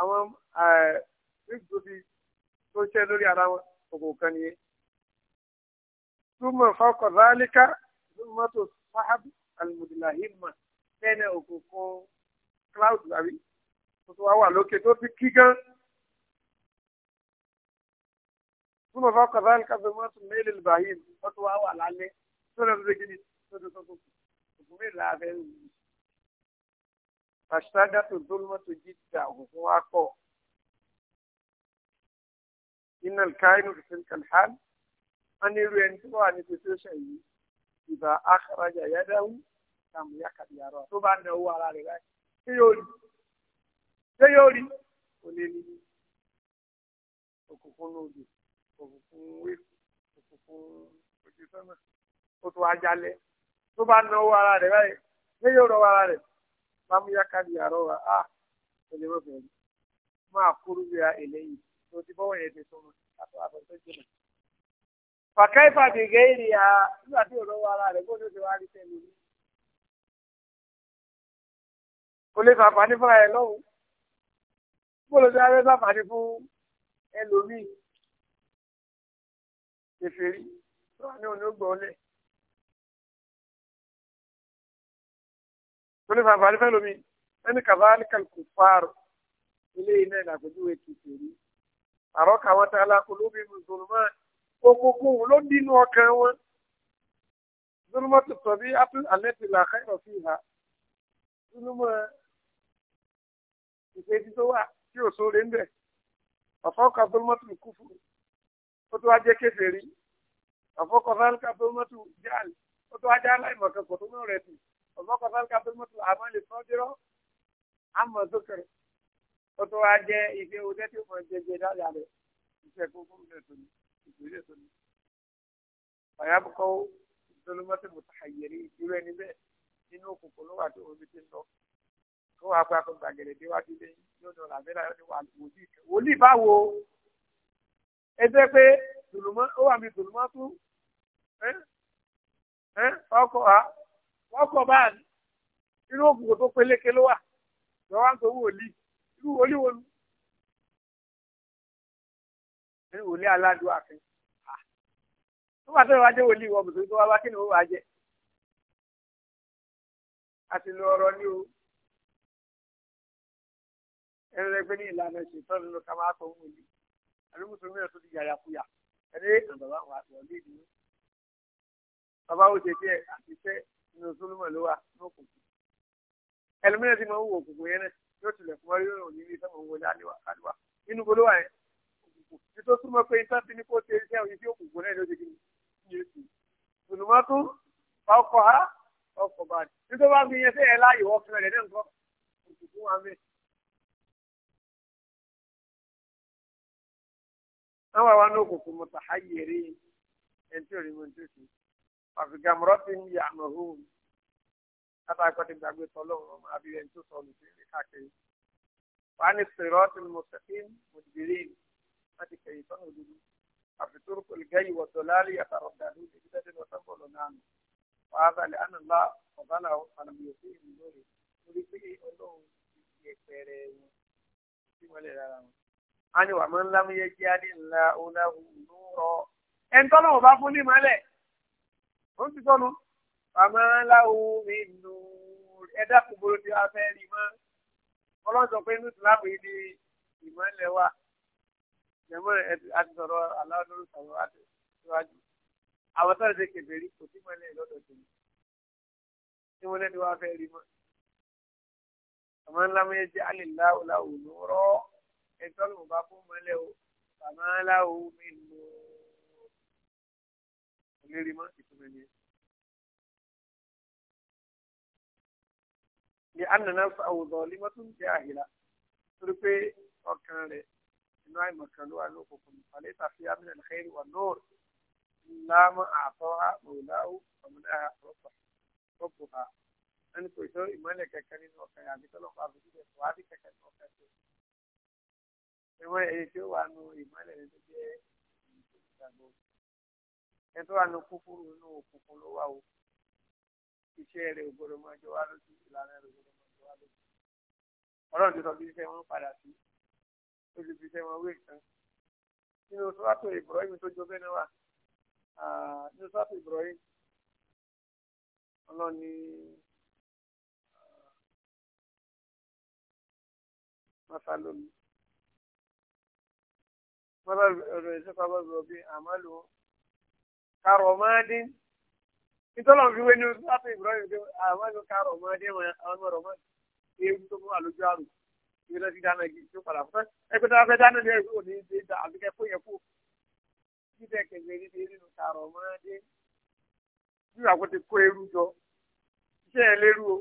A: àwọn ẹ̀ẹ́dẹ́gbòdì eh, tó ń ṣẹ́ lórí ara wọn òkùnkùn kan nìyẹn túmọ̀ fáwọkọ̀ rálíkà lólúmọ̀tò sáhábì àlùmọ̀dìláhìmà lẹ́yìn òkùnkùn. cloud là tó tó wá wà lókè tó ti kí gan. túmọ̀ fọ́ kọ̀ọ̀bá káfí mọ́ tún mẹ́lì ibrahim tó tó wá wà lálẹ́ tó lọ sí kí ni tó tó tó tó kù mí là á fẹ́ wù mí. àṣìṣàdá tó dólmọ́ tó jí ti àgùnkùn wá pọ̀. iná káyínú fìfẹ́ kàlhán wọ́n ní irú ẹni tó wà ní pẹ̀sẹ̀ṣẹ̀ yìí ìbá àkàràjà yàdáwù tàmù yàkàdì àrọ̀ tó bá ń dẹ̀wọ́ ara rẹ̀ báyìí. kí yóò rí ṣé yóò rí kò lè rí òkùnkùn lòdì òkùnkùn wíìkù òkùnkùn ojú sọ́nà kó tó ajalẹ̀ tó bá náwó ara rẹ̀ báyìí ṣé yóò rọwọ́ ara rẹ̀ lámúyá kábi àárọ̀ wa á ah, kò lè rọ̀bẹ̀ rí máa kúrú bí a eléyìí tó ti bọ́wọ́ yẹn ti tó wọn àtọ́ àtọ́jọ́ jìnnà.
B: fàkàìfà bìgẹ́ ìrìyà
A: nígbà tí ò rọwọ́ ara rẹ̀ bó ló ti wá rí tẹ̀lé yìí. kò lè sàǹfààní fúnra ẹ̀ lọ́hùn bó ló ṣe á fẹ́ sàǹfààní
B: fún ẹlòmíì kèfèrí tó wà ní òní ògbà ọlẹ̀
A: kò lè sàǹfààní fún ẹlòmíì ẹni kàbá kàlùkù fáàrù ilé iná ìlàgbẹ́júwe kèfèrí àrọ́kà wọn tá a la kó lóbi mùsùlùmá gbogbogbò ló dínú ọkàn wọn zulumatu tabi'atu allati la khayra fiha zulumatu ìfẹ́sí tó wà tí ò sóore ń bẹ̀ ọ̀fọ́kà bọ́lmọ́tò kú fún ó tó wá jẹ́ kèfèrí ọ̀fọ́kà fáńkà bọ́lmọ́tò jáàlì ó tó wá já láìmọ̀ kankan tó náà rẹ̀ tì ọ̀fọ́kà fáńkà bọ́lmọ́tò àmọ́ lè fọ́ dírọ́ àmọ́ tó kẹrẹ ó tó wá jẹ́ ìfẹ́ òde tí ó mọ̀ jẹjẹ dáadáa rẹ̀ ìfẹ́ gbogbo ilẹ̀ tó ní ìgbésẹ̀ tó ní. ọ̀yà bùkọ́ bọ́lmọ́tò mùtàhàyẹ̀rì ìdúró ẹni bẹ́ẹ̀ nínú òkùnkùn ló wà tó omi ti ń lọ ó wàá pé akọ̀gbà gẹ̀rẹ̀ déwájú lé yóò lọ làbẹ́là yóò ní wòlíì kan wòlíì báwo ẹgbẹ́ pé dùlùmọ́ ó wà mí dùlùmọ́ tú ọkọ̀ ha ọkọ̀ a inú òkùnkùn tó peléke ló wà lọ́wọ́ ń sọ wòlíì irú wòlíì wo ni ní wòlíì aládùn àfin tó bá tẹ́lẹ̀ wá jẹ́ wòlíì wọ́n bùsùn tó wá bá kí ni ó wá jẹ́ àti lọ ọ̀rọ̀ ni o ẹni rẹ gbé ní ìlànà ẹsẹ tó nínú ká máa tọ ohun èlò àbí mùsùlùmí rẹ tó ti yàyà kuyà ẹni àbàbà wà wọlé ìdúró bàbá wo jẹjẹ àtìsẹ nínú sólùmọ ló wà ní òkùnkùn ẹlòmíràn ti máa ń wo òkùnkùn yẹn náà yóò tilẹ̀ fún ọyọ́ òní ní sọ́mọ̀ ń wọlé àdìwà nínú gbólóhà yẹn òkùnkùn ti tó súnmọ́ pé iṣẹ́ ti ní kó ṣe iṣẹ́ òyìn tí òkùnkùn náà ló ti kí ni yéésù sùnùmọ́ tún ọkọ̀ ha ọkọ̀ bá ní wọ́n wà wá ní òkùnkùn mọ̀tà ayèrè ẹni tí ò rí mọ̀ ní tòṣì àfìgà mọ̀rọ́tì ń yà àmọ̀ hóun látà ìkọ́tí gbàgbé tọ́lọ́run ọmọ abiyẹ ní tòṣì ọ̀nà ìṣẹ̀lẹ̀ káàkiri wà á ní sèrọ́tì mọ̀tàkín mọ̀dìbìrì láti kẹ̀yìn tọ́nà òdodo àfitúrú kòlìgẹ́yì wọ̀tọ̀ láàrí àtàrọ̀ dàdú ìdíjẹ́dẹ́ lọ́sẹ̀ bọ̀lọ̀ náà nù wà á balẹ̀ àná ńlá ọ̀bálà àlùmíyèsí ìlú lórí orí pé ọlọ́run ti a ní wàá máa ń lámúyẹ jẹ́ adé ńlá oláwù lóró ẹni tọ́lọ́ wọn bá fún ní ìmọ̀lẹ̀ ó ń ti sọnù àmọ́ láwo mi nù ẹ̀dá kòkòrò tí a rí mọ́ ọlọ́run sọ pé inú ìsìláàmù yìí ni ìmọ̀lẹ̀ wà jẹ̀mọ́ àti sọ̀rọ̀ aláwọ̀dọ́rọ̀ sọ̀rọ̀ síwájú àwọn tó ń ṣe kèfèrí kò sí mọ́lẹ̀ lọ́dọ̀ tó ní tí wọ́n lẹ́ni rí mọ́ àmọ́ ńlá ẹ̀tọ́lù bá fún
B: mọ́lẹ̀ o bàmá aláwo mi lò ó lérí mọ́ ìtumọ̀ ni.
A: ní ànàná àwùjọ límọ́ tó ń jẹ́ àhìlá torí pé ọkàn rẹ̀ inú àìmọ̀kan ló wà ní òkùnkùn ìfàlẹ́ ìtàfi amínà lẹ́yìn wà lóòrè lámọ́ àtọ́ àmọ̀láwò ọ̀mọdé àrọ́pà rọ́pò ha ẹni kò tó ìmọ̀lẹ̀ kẹ̀kẹ́ nínú ọkàn yàtọ̀ lọ́pàá àbújá ẹ̀fọ́ àbí kẹ̀kẹ́ nínú ọkàn yàtọ̀ ìwé èyí tí ó wà nù ìmọ̀lẹ̀ ní jẹ́ ìgbàgbọ́ ẹ tó wà nù kúkúrú nù òkùnkùn ló wà o iṣẹ́ rẹ̀ ògbọ́dọ̀ máa jọ wá lójú ìlànà rẹ̀ ògbọ́dọ̀ máa jọ wá lójú ọlọ́run ti sọ bí iṣẹ́ wọn padà sí ó ti fi iṣẹ́ wọn wé nǹkan nínú sọ́wọ́tò ìbọ̀rọ̀yìn tó jọ bẹ́ẹ̀ náà wà nínú
B: sọ́wọ́tò ìbọ̀rọ̀yìn ọlọ́run ni. مثل
A: مثل الرئيس قبل ربي عمله كرماد ìtọ́lọ̀ fi wé ní sáfì ìbúrọ́yìn pé àwọn ẹgbẹ́ ká ọmọ ẹdẹ wọn ọmọ ọmọ ewu tó mú àlójú àrùn ìwé lọ sí dáná igi tó padà fẹ́ ẹgbẹ́ tó wá fẹ́ dáná ní ẹgbẹ́ òní ṣe dá àbíkẹ́ fún yẹn kú títẹ̀ kẹ̀kẹ́ ní ṣe nínú ká ọmọ ẹdẹ bí wàá kó ti kó eru jọ iṣẹ́ ẹ o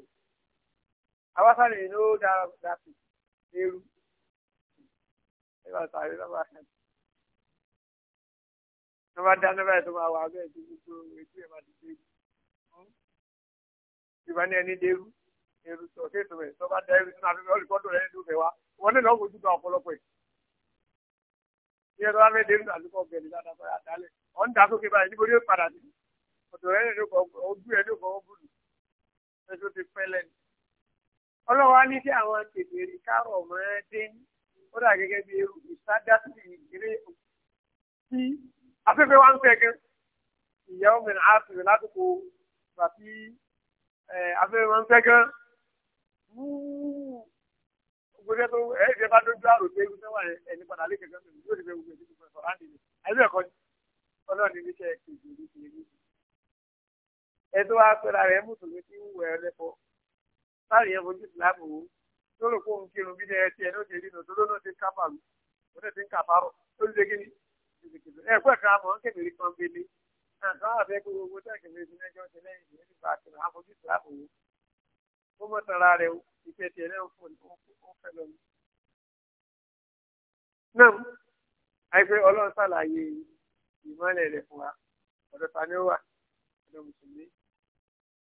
A: àwọn sáré yìí ló dára tó bá dáná báyìí tó máa wà bẹ́ẹ̀ tó gbogbo etí ẹ̀ máa ti dé ewu hm? tí bá ní ẹni dé ewu èrò tó kéètò rẹ̀ tó bá dá ewu sínú afẹ́fẹ́ olùkọ́dọ̀ rẹ̀ nínú ìfẹ́ wa wọ́n ní lọ́wọ́ ojú tó ọ̀pọ̀lọpọ̀ ẹ̀ ní ẹ̀rọ afẹ́ dé ewu àdúgbò bẹ̀rẹ̀ dáadáa àdálẹ̀ ọ̀ ń sókè báyìí níbo ni ó padà sí ọ̀dọ̀ rẹ̀ ojú ẹ̀ ló kọ́ bùrù ẹjọ́ ti pẹ́ lẹ́nu ọlọ́wọ́ ní afẹ́fẹ́ wa ń fẹ́ gan ìyàwó mi náà á fi rẹ̀ lásìkò gbà tí afẹ́fẹ́ wa ń fẹ́ gan gbogbo tó ẹ ṣe bá dójú àròjẹ ibi tó wà ẹni padà lé kẹ̀kẹ́ mi yóò rí bẹ gbogbo ìdí tó fẹ́ sọ̀rọ̀ àǹdí mi àìsí ẹ̀kọ́ ni ọlọ́ọ̀ni níṣẹ́ kejì ní ti èmi. ẹ tó wá pẹ́ra rẹ̀ mùsùlùmí tí ń wẹ̀ lẹ́fọ́ láàrin yẹn fojú ìsìlámù wò tó rò pé òun kírun bí ẹ tiẹ̀ ní òde nínú tó lónà ti ń kápá lu òun ti ń kàfárọ̀ ó ti ṣe kí ni ẹgbẹ́ kan mọ̀ ń kẹ̀mẹ̀rí kan bele àǹkan àbẹ́ kó gbogbo tẹ̀ kẹ̀mẹ̀rí fi lẹ́jọ́ ṣe lẹ́yìn ìdílé nípa àtìrà àfojú ìsìláàmù wo ó mọ̀ tara rẹ̀ o ìfẹ́ tiẹ̀ náà ó fẹ́ lọ ní. náà àìpé ọlọ́run ṣàlàyé ìmọ̀lẹ̀ rẹ̀ fún wa ọ̀dọ̀ ta ni ó wà ọ̀dọ̀ mùsùlùmí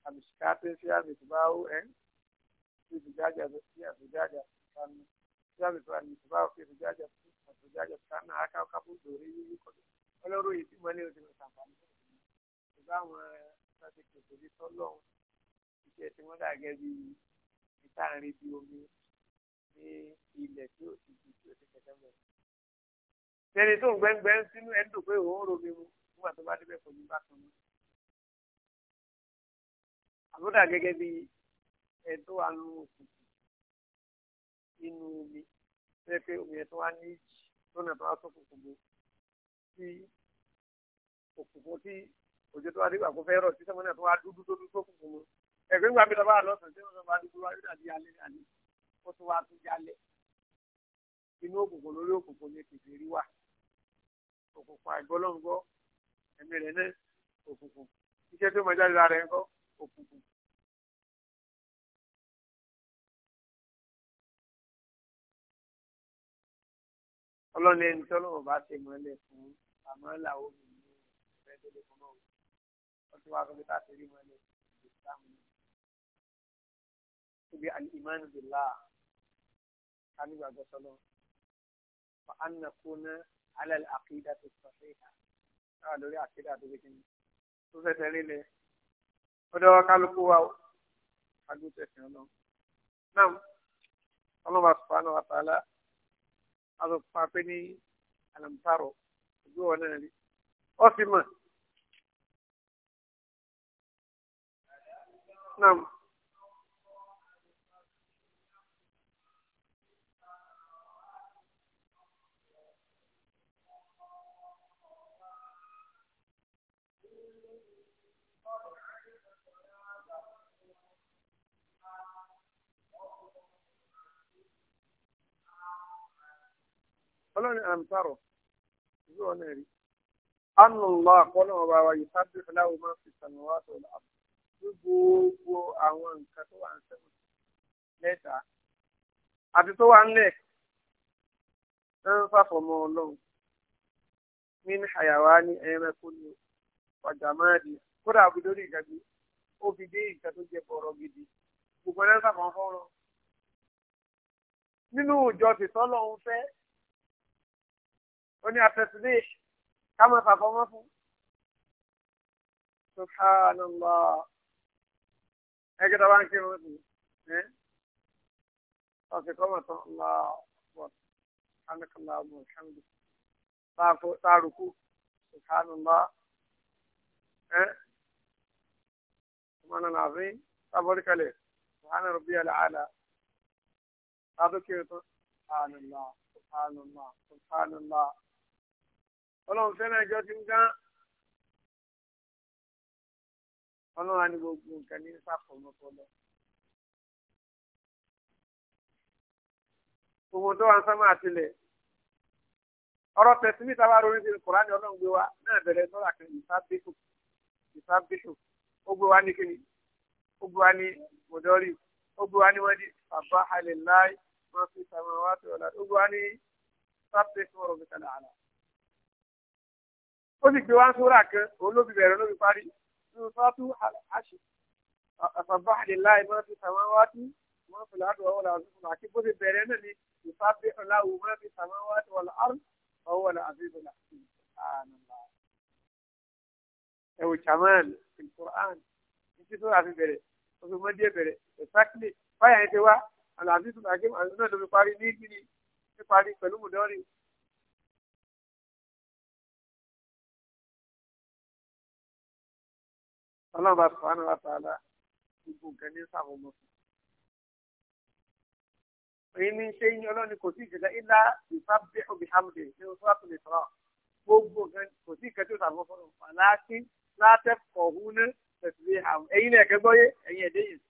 A: àmìsíká tó ń fi àmì ìtùbá ó ẹ̀ fi ìbùjájà sí àbùjájà fi kujaja sana hata wakapudhuri yuko wale ọ̀rọ̀ yìí tí mo ní òdìmọ sàǹfààní ìgbà àwọn láti pèsè ní tọlọ́run iṣẹ́ tí wọ́n dà gẹ́gẹ́ bí ìtàrin bí omi ní ilẹ̀ tí ó ti di tí ó ti kẹ̀kẹ́ mọ. tẹni tó ń gbẹ́ngbẹ́ sínú ẹni tó pé òun romi mu nígbà tó bá débẹ̀ kò ní bá kan mọ́.
B: àbúdà gẹ́gẹ́ bí ẹni tó wà nínú òkùnkùn nínú omi pé omi ẹ̀ tó wá ní ìjì
A: lọ́nà tó wá sọ kòkòbó tí kòkòbó tí òjò tó wá dìgbà kó fẹ́ rọ̀ tí sẹ́wọ́n náà tó wá dúdú tó dúdú tó kòkòbó ẹ̀gbẹ́ ńgbà mi lọ́wọ́ àlọ́sàn tí wọ́n sọ wá dúdú wá yóò dàbí alẹ́ alẹ́ ó tún wá tún jalẹ̀ inú òkùnkùn lórí òkùnkùn ni kìkì rí wà òkùnkùn àìgbọ́lọ́ngbọ́ ẹ̀mí rẹ̀ náà
B: òkùnkùn iṣẹ́ tó mọ ọlọ́run ẹni tí ọlọ́run bá ṣe mọ́lẹ̀ fún àmọ́ làwọn obìnrin rẹ̀ tó lè fún ọ̀hún wọ́n ti wá sọ pé ká ṣe rí mọ́lẹ̀ ìsìlámù náà. ibi alìmánu bìlá ká nígbàgbọ́ sọ́lọ́ wa an
A: nakuna ala al-aqida as-sahiha káwá lórí àkídà tó gbẹ́kẹ́ ni tó fẹsẹ̀ rílẹ̀ ọdọ́ kálukú wa agbóṣẹ̀sìn ọlọ́run náà ọlọ́run subhanahu wa ta'ala aṣọ pàpẹ ní
B: alamtaro ojú wọn náà rí ọfìmọ
A: ọlọ́ni àmìtárọ̀ ìlú ọ̀nà rí anùlọ àkọọ́lẹ̀ ọba wa yìí sábẹ́ ìfẹ́láwò máa fi sàmì wá sọ̀rọ̀ àbọ̀ ní gbogbo àwọn nǹkan tó wà ń sẹ́wọ̀n lẹ́ta àti tó wà ń lẹ̀ ẹ̀ ń fàfọ̀mọ́ ọlọ́run ní àyàwá ní ẹranko ní ọjà máa di kódà àbí ìgbàgbé ó fi dé ìgbà tó jẹ bọ̀rọ̀ gidi gbogbo ẹ̀ ń fàfọ̀mọ́ fọ́rọ̀ nínú ìjọ tìtọ́ lọ́hún fẹ́ وني التسبيح كما تفهمه سبحان الله هيك طبعا كيف مثلا ايه اوكي كما الله سبحانك الله وبحمدك تعفو سبحان الله ايه سبحان العظيم تبارك الله سبحان ربي العالى هذا كيف سبحان الله سبحان الله سبحان الله ọlọ́run fẹ́ràn ẹjọ́ ti ń gán ọlọ́run á ní gbogbo nǹkan ní sàfọ̀mọ́fọ́lọ́. gbogbo tó wà ń sánmọ́ àtìlẹ̀ ọ̀rọ̀ tẹ̀símì tá a bá ronú sí kùránì ọlọ́run gbé wa náà bẹ̀rẹ̀ sọ́ra kan ìsábíṣù ìsábíṣù ó gbé wa ní kíni ó gbé wa ní mọ̀dọ́rì ó gbé wa ní wọ́n di bàbá àlè láì wọ́n fi sàmọ́ wá sí ọ̀la ó gbé wa ní sábíṣù ọ̀rọ̀ mi kan àlà ó sì gbé wá sóra kan òun ló fi bẹ̀rẹ̀ ló fi parí nínú sọ́tù àṣì àṣàbá àdìlá ìmọ̀ fi sàmá wá tí wọ́n fi láàdùn ọwọ́ làwọn àti àti bó ti bẹ̀rẹ̀ náà ni ìfábẹ́ ọ̀làwọ̀ máa fi sàmá wá tí wọ́n lọ́rùn ọwọ́ làwọn àti ìbò làwọn àti ìbò ẹ̀wò chaman ìkùrán títí tó àfi bẹ̀rẹ̀ oṣù mọ́dé bẹ̀rẹ̀ ẹ̀sákìlì báyà ń ṣe wá àlàáfíà tó làákìm àti náà ló fi parí ní ìgbìnì
B: ọlọ́run bá sọ wánú látàlá gbogbo nǹkan ní sàwọn ọmọ fún
A: èyí ní ṣe yín ọlọ́run kò sí ìjẹ̀lẹ̀ ilá ìfábẹ́ òbí hamdi ní oṣù àtúnlẹ̀ sọ̀rọ̀ gbogbo nǹkan kò sí ìkẹ́tù sàwọn fún un aláàkí látẹ̀ kọ̀ọ̀hún ní tẹ̀sílẹ̀ àwọn ẹ̀yin náà kẹ́gbọ́ yé ẹ̀yin ẹ̀dẹ́ yìí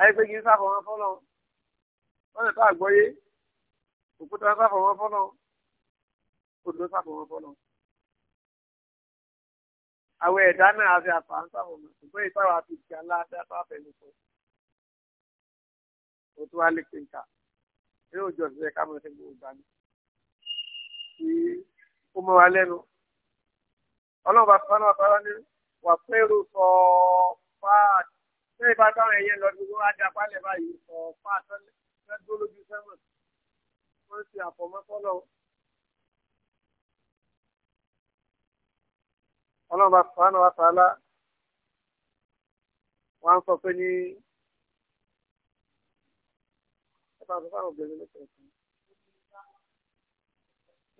A: ayẹ́pẹ́ kì í sàfọ̀mọ́ fọ́nà wọ́n lè tó àgbọ́yé òkúta sàfọ̀mọ́ fọ́nà odò sàfọ̀mọ́ fọ́nà àwọn ẹ̀dá náà àti àfàǹsà wọn ṣùgbọ́n ìtawà àti ìgbà aláàdá tó àfẹnukọ o tó wá lè pè ká eré òjò ọ̀sẹ̀ ká mọ̀ ṣe gbogbo gbani kí ó mọ wa lẹ́nu ọlọ́ọ̀bà sọ́nà ọ̀sọ́rọ́ ní wà pẹ́rù sọ fáàtì ṣé ìbá táwọn ẹ̀yẹ lọ sí wọn á dá pálẹ̀ báyìí sọ fáàtì lọ́dún lójú sẹ́wọ̀n wọ́n ti àfọ̀mọ́fọ́lọ́wọ́. ọlọ́run bá sọ́nà wa sàálà wọ́n á sọ pé ní
B: ẹ bá sọ fáwọn obìnrin lẹ́sẹ̀ẹ́sẹ̀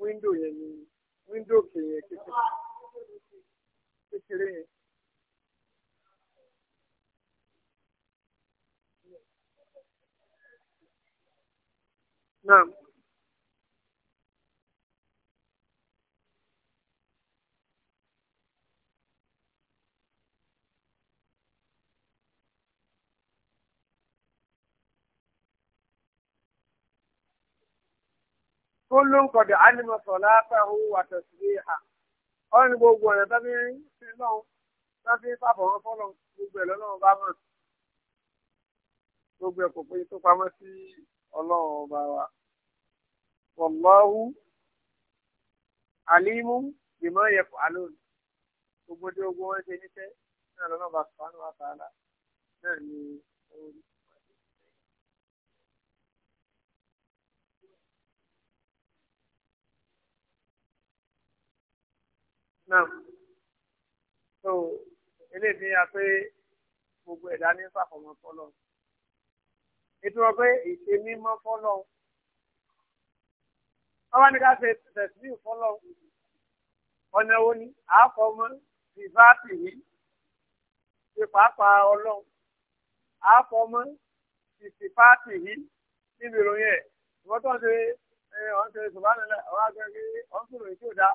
A: wíńdò yẹn ni wíńdò òkè yẹn kékeré yẹn. Naam. kúlù ń kọ̀dọ̀ ánìmọ̀ sọ̀lá pẹ̀lú wàtọ̀ sí ìhà ọ̀rìn gbogbo ọ̀nà tàbí ṣe lọ́wọ́ tàbí fàbọ̀wọ́ fọ́lọ̀ gbogbo ẹ̀ lọ́wọ́ bá mọ̀ gbogbo ẹ̀ kò péye tó pamọ́ sí ọlọ́run ọba wa wọ̀lọ́hù alimu bímọ yẹpọ̀ alóòlù gbogbo tí ogun wọn ṣe níṣẹ́ náà lọ́nà bá sọ̀rọ̀ wà sàálà náà ni orí. náà so eléyìí fi hàn pé gbogbo ẹ̀dá ní fàfọ̀mọ́ fọlọ́ ìtumọ̀ pé ìṣe mímọ́ fọlọ́ wọ́n wá ní ká ṣe tẹ̀sílì fọlọ́ ọ̀nà wo ni àáfọ̀mọ́ ìfáàtì yìí ṣe pàápàá ọlọ́run àáfọ̀mọ́ ìfáàtì yìí níbi ìròyìn ẹ̀ ìwọ́n tó ń ṣe ọ̀hún ṣe ṣùgbọ́n àwọn akẹ́kẹ́ ọ̀hún ṣòro èyí tí ò dáa.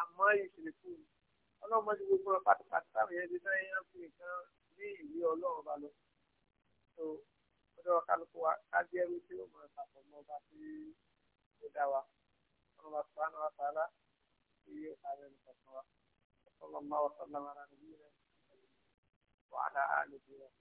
A: àmọ́ ìṣẹ̀lẹ̀ fún mi ọlọ́mọ ti gbogbo ọ̀rọ̀ pátápátá táwọn yẹn ti sáré yẹn fi nǹkan ní ìwé ọlọ́run bá lọ so ọjọ́ kálukú wa kájí ẹrú tí ó mọ̀ ṣàpọ̀ mọ́ ọba tí ó dá wa ọlọ́mọ bá sọ̀rọ̀ wa sàrà tí yóò sáré nìkan fún wa ọlọ́mọ wa sọ̀rọ̀ wa rà nìyí rẹ̀ wàhálà á lè bí wọn.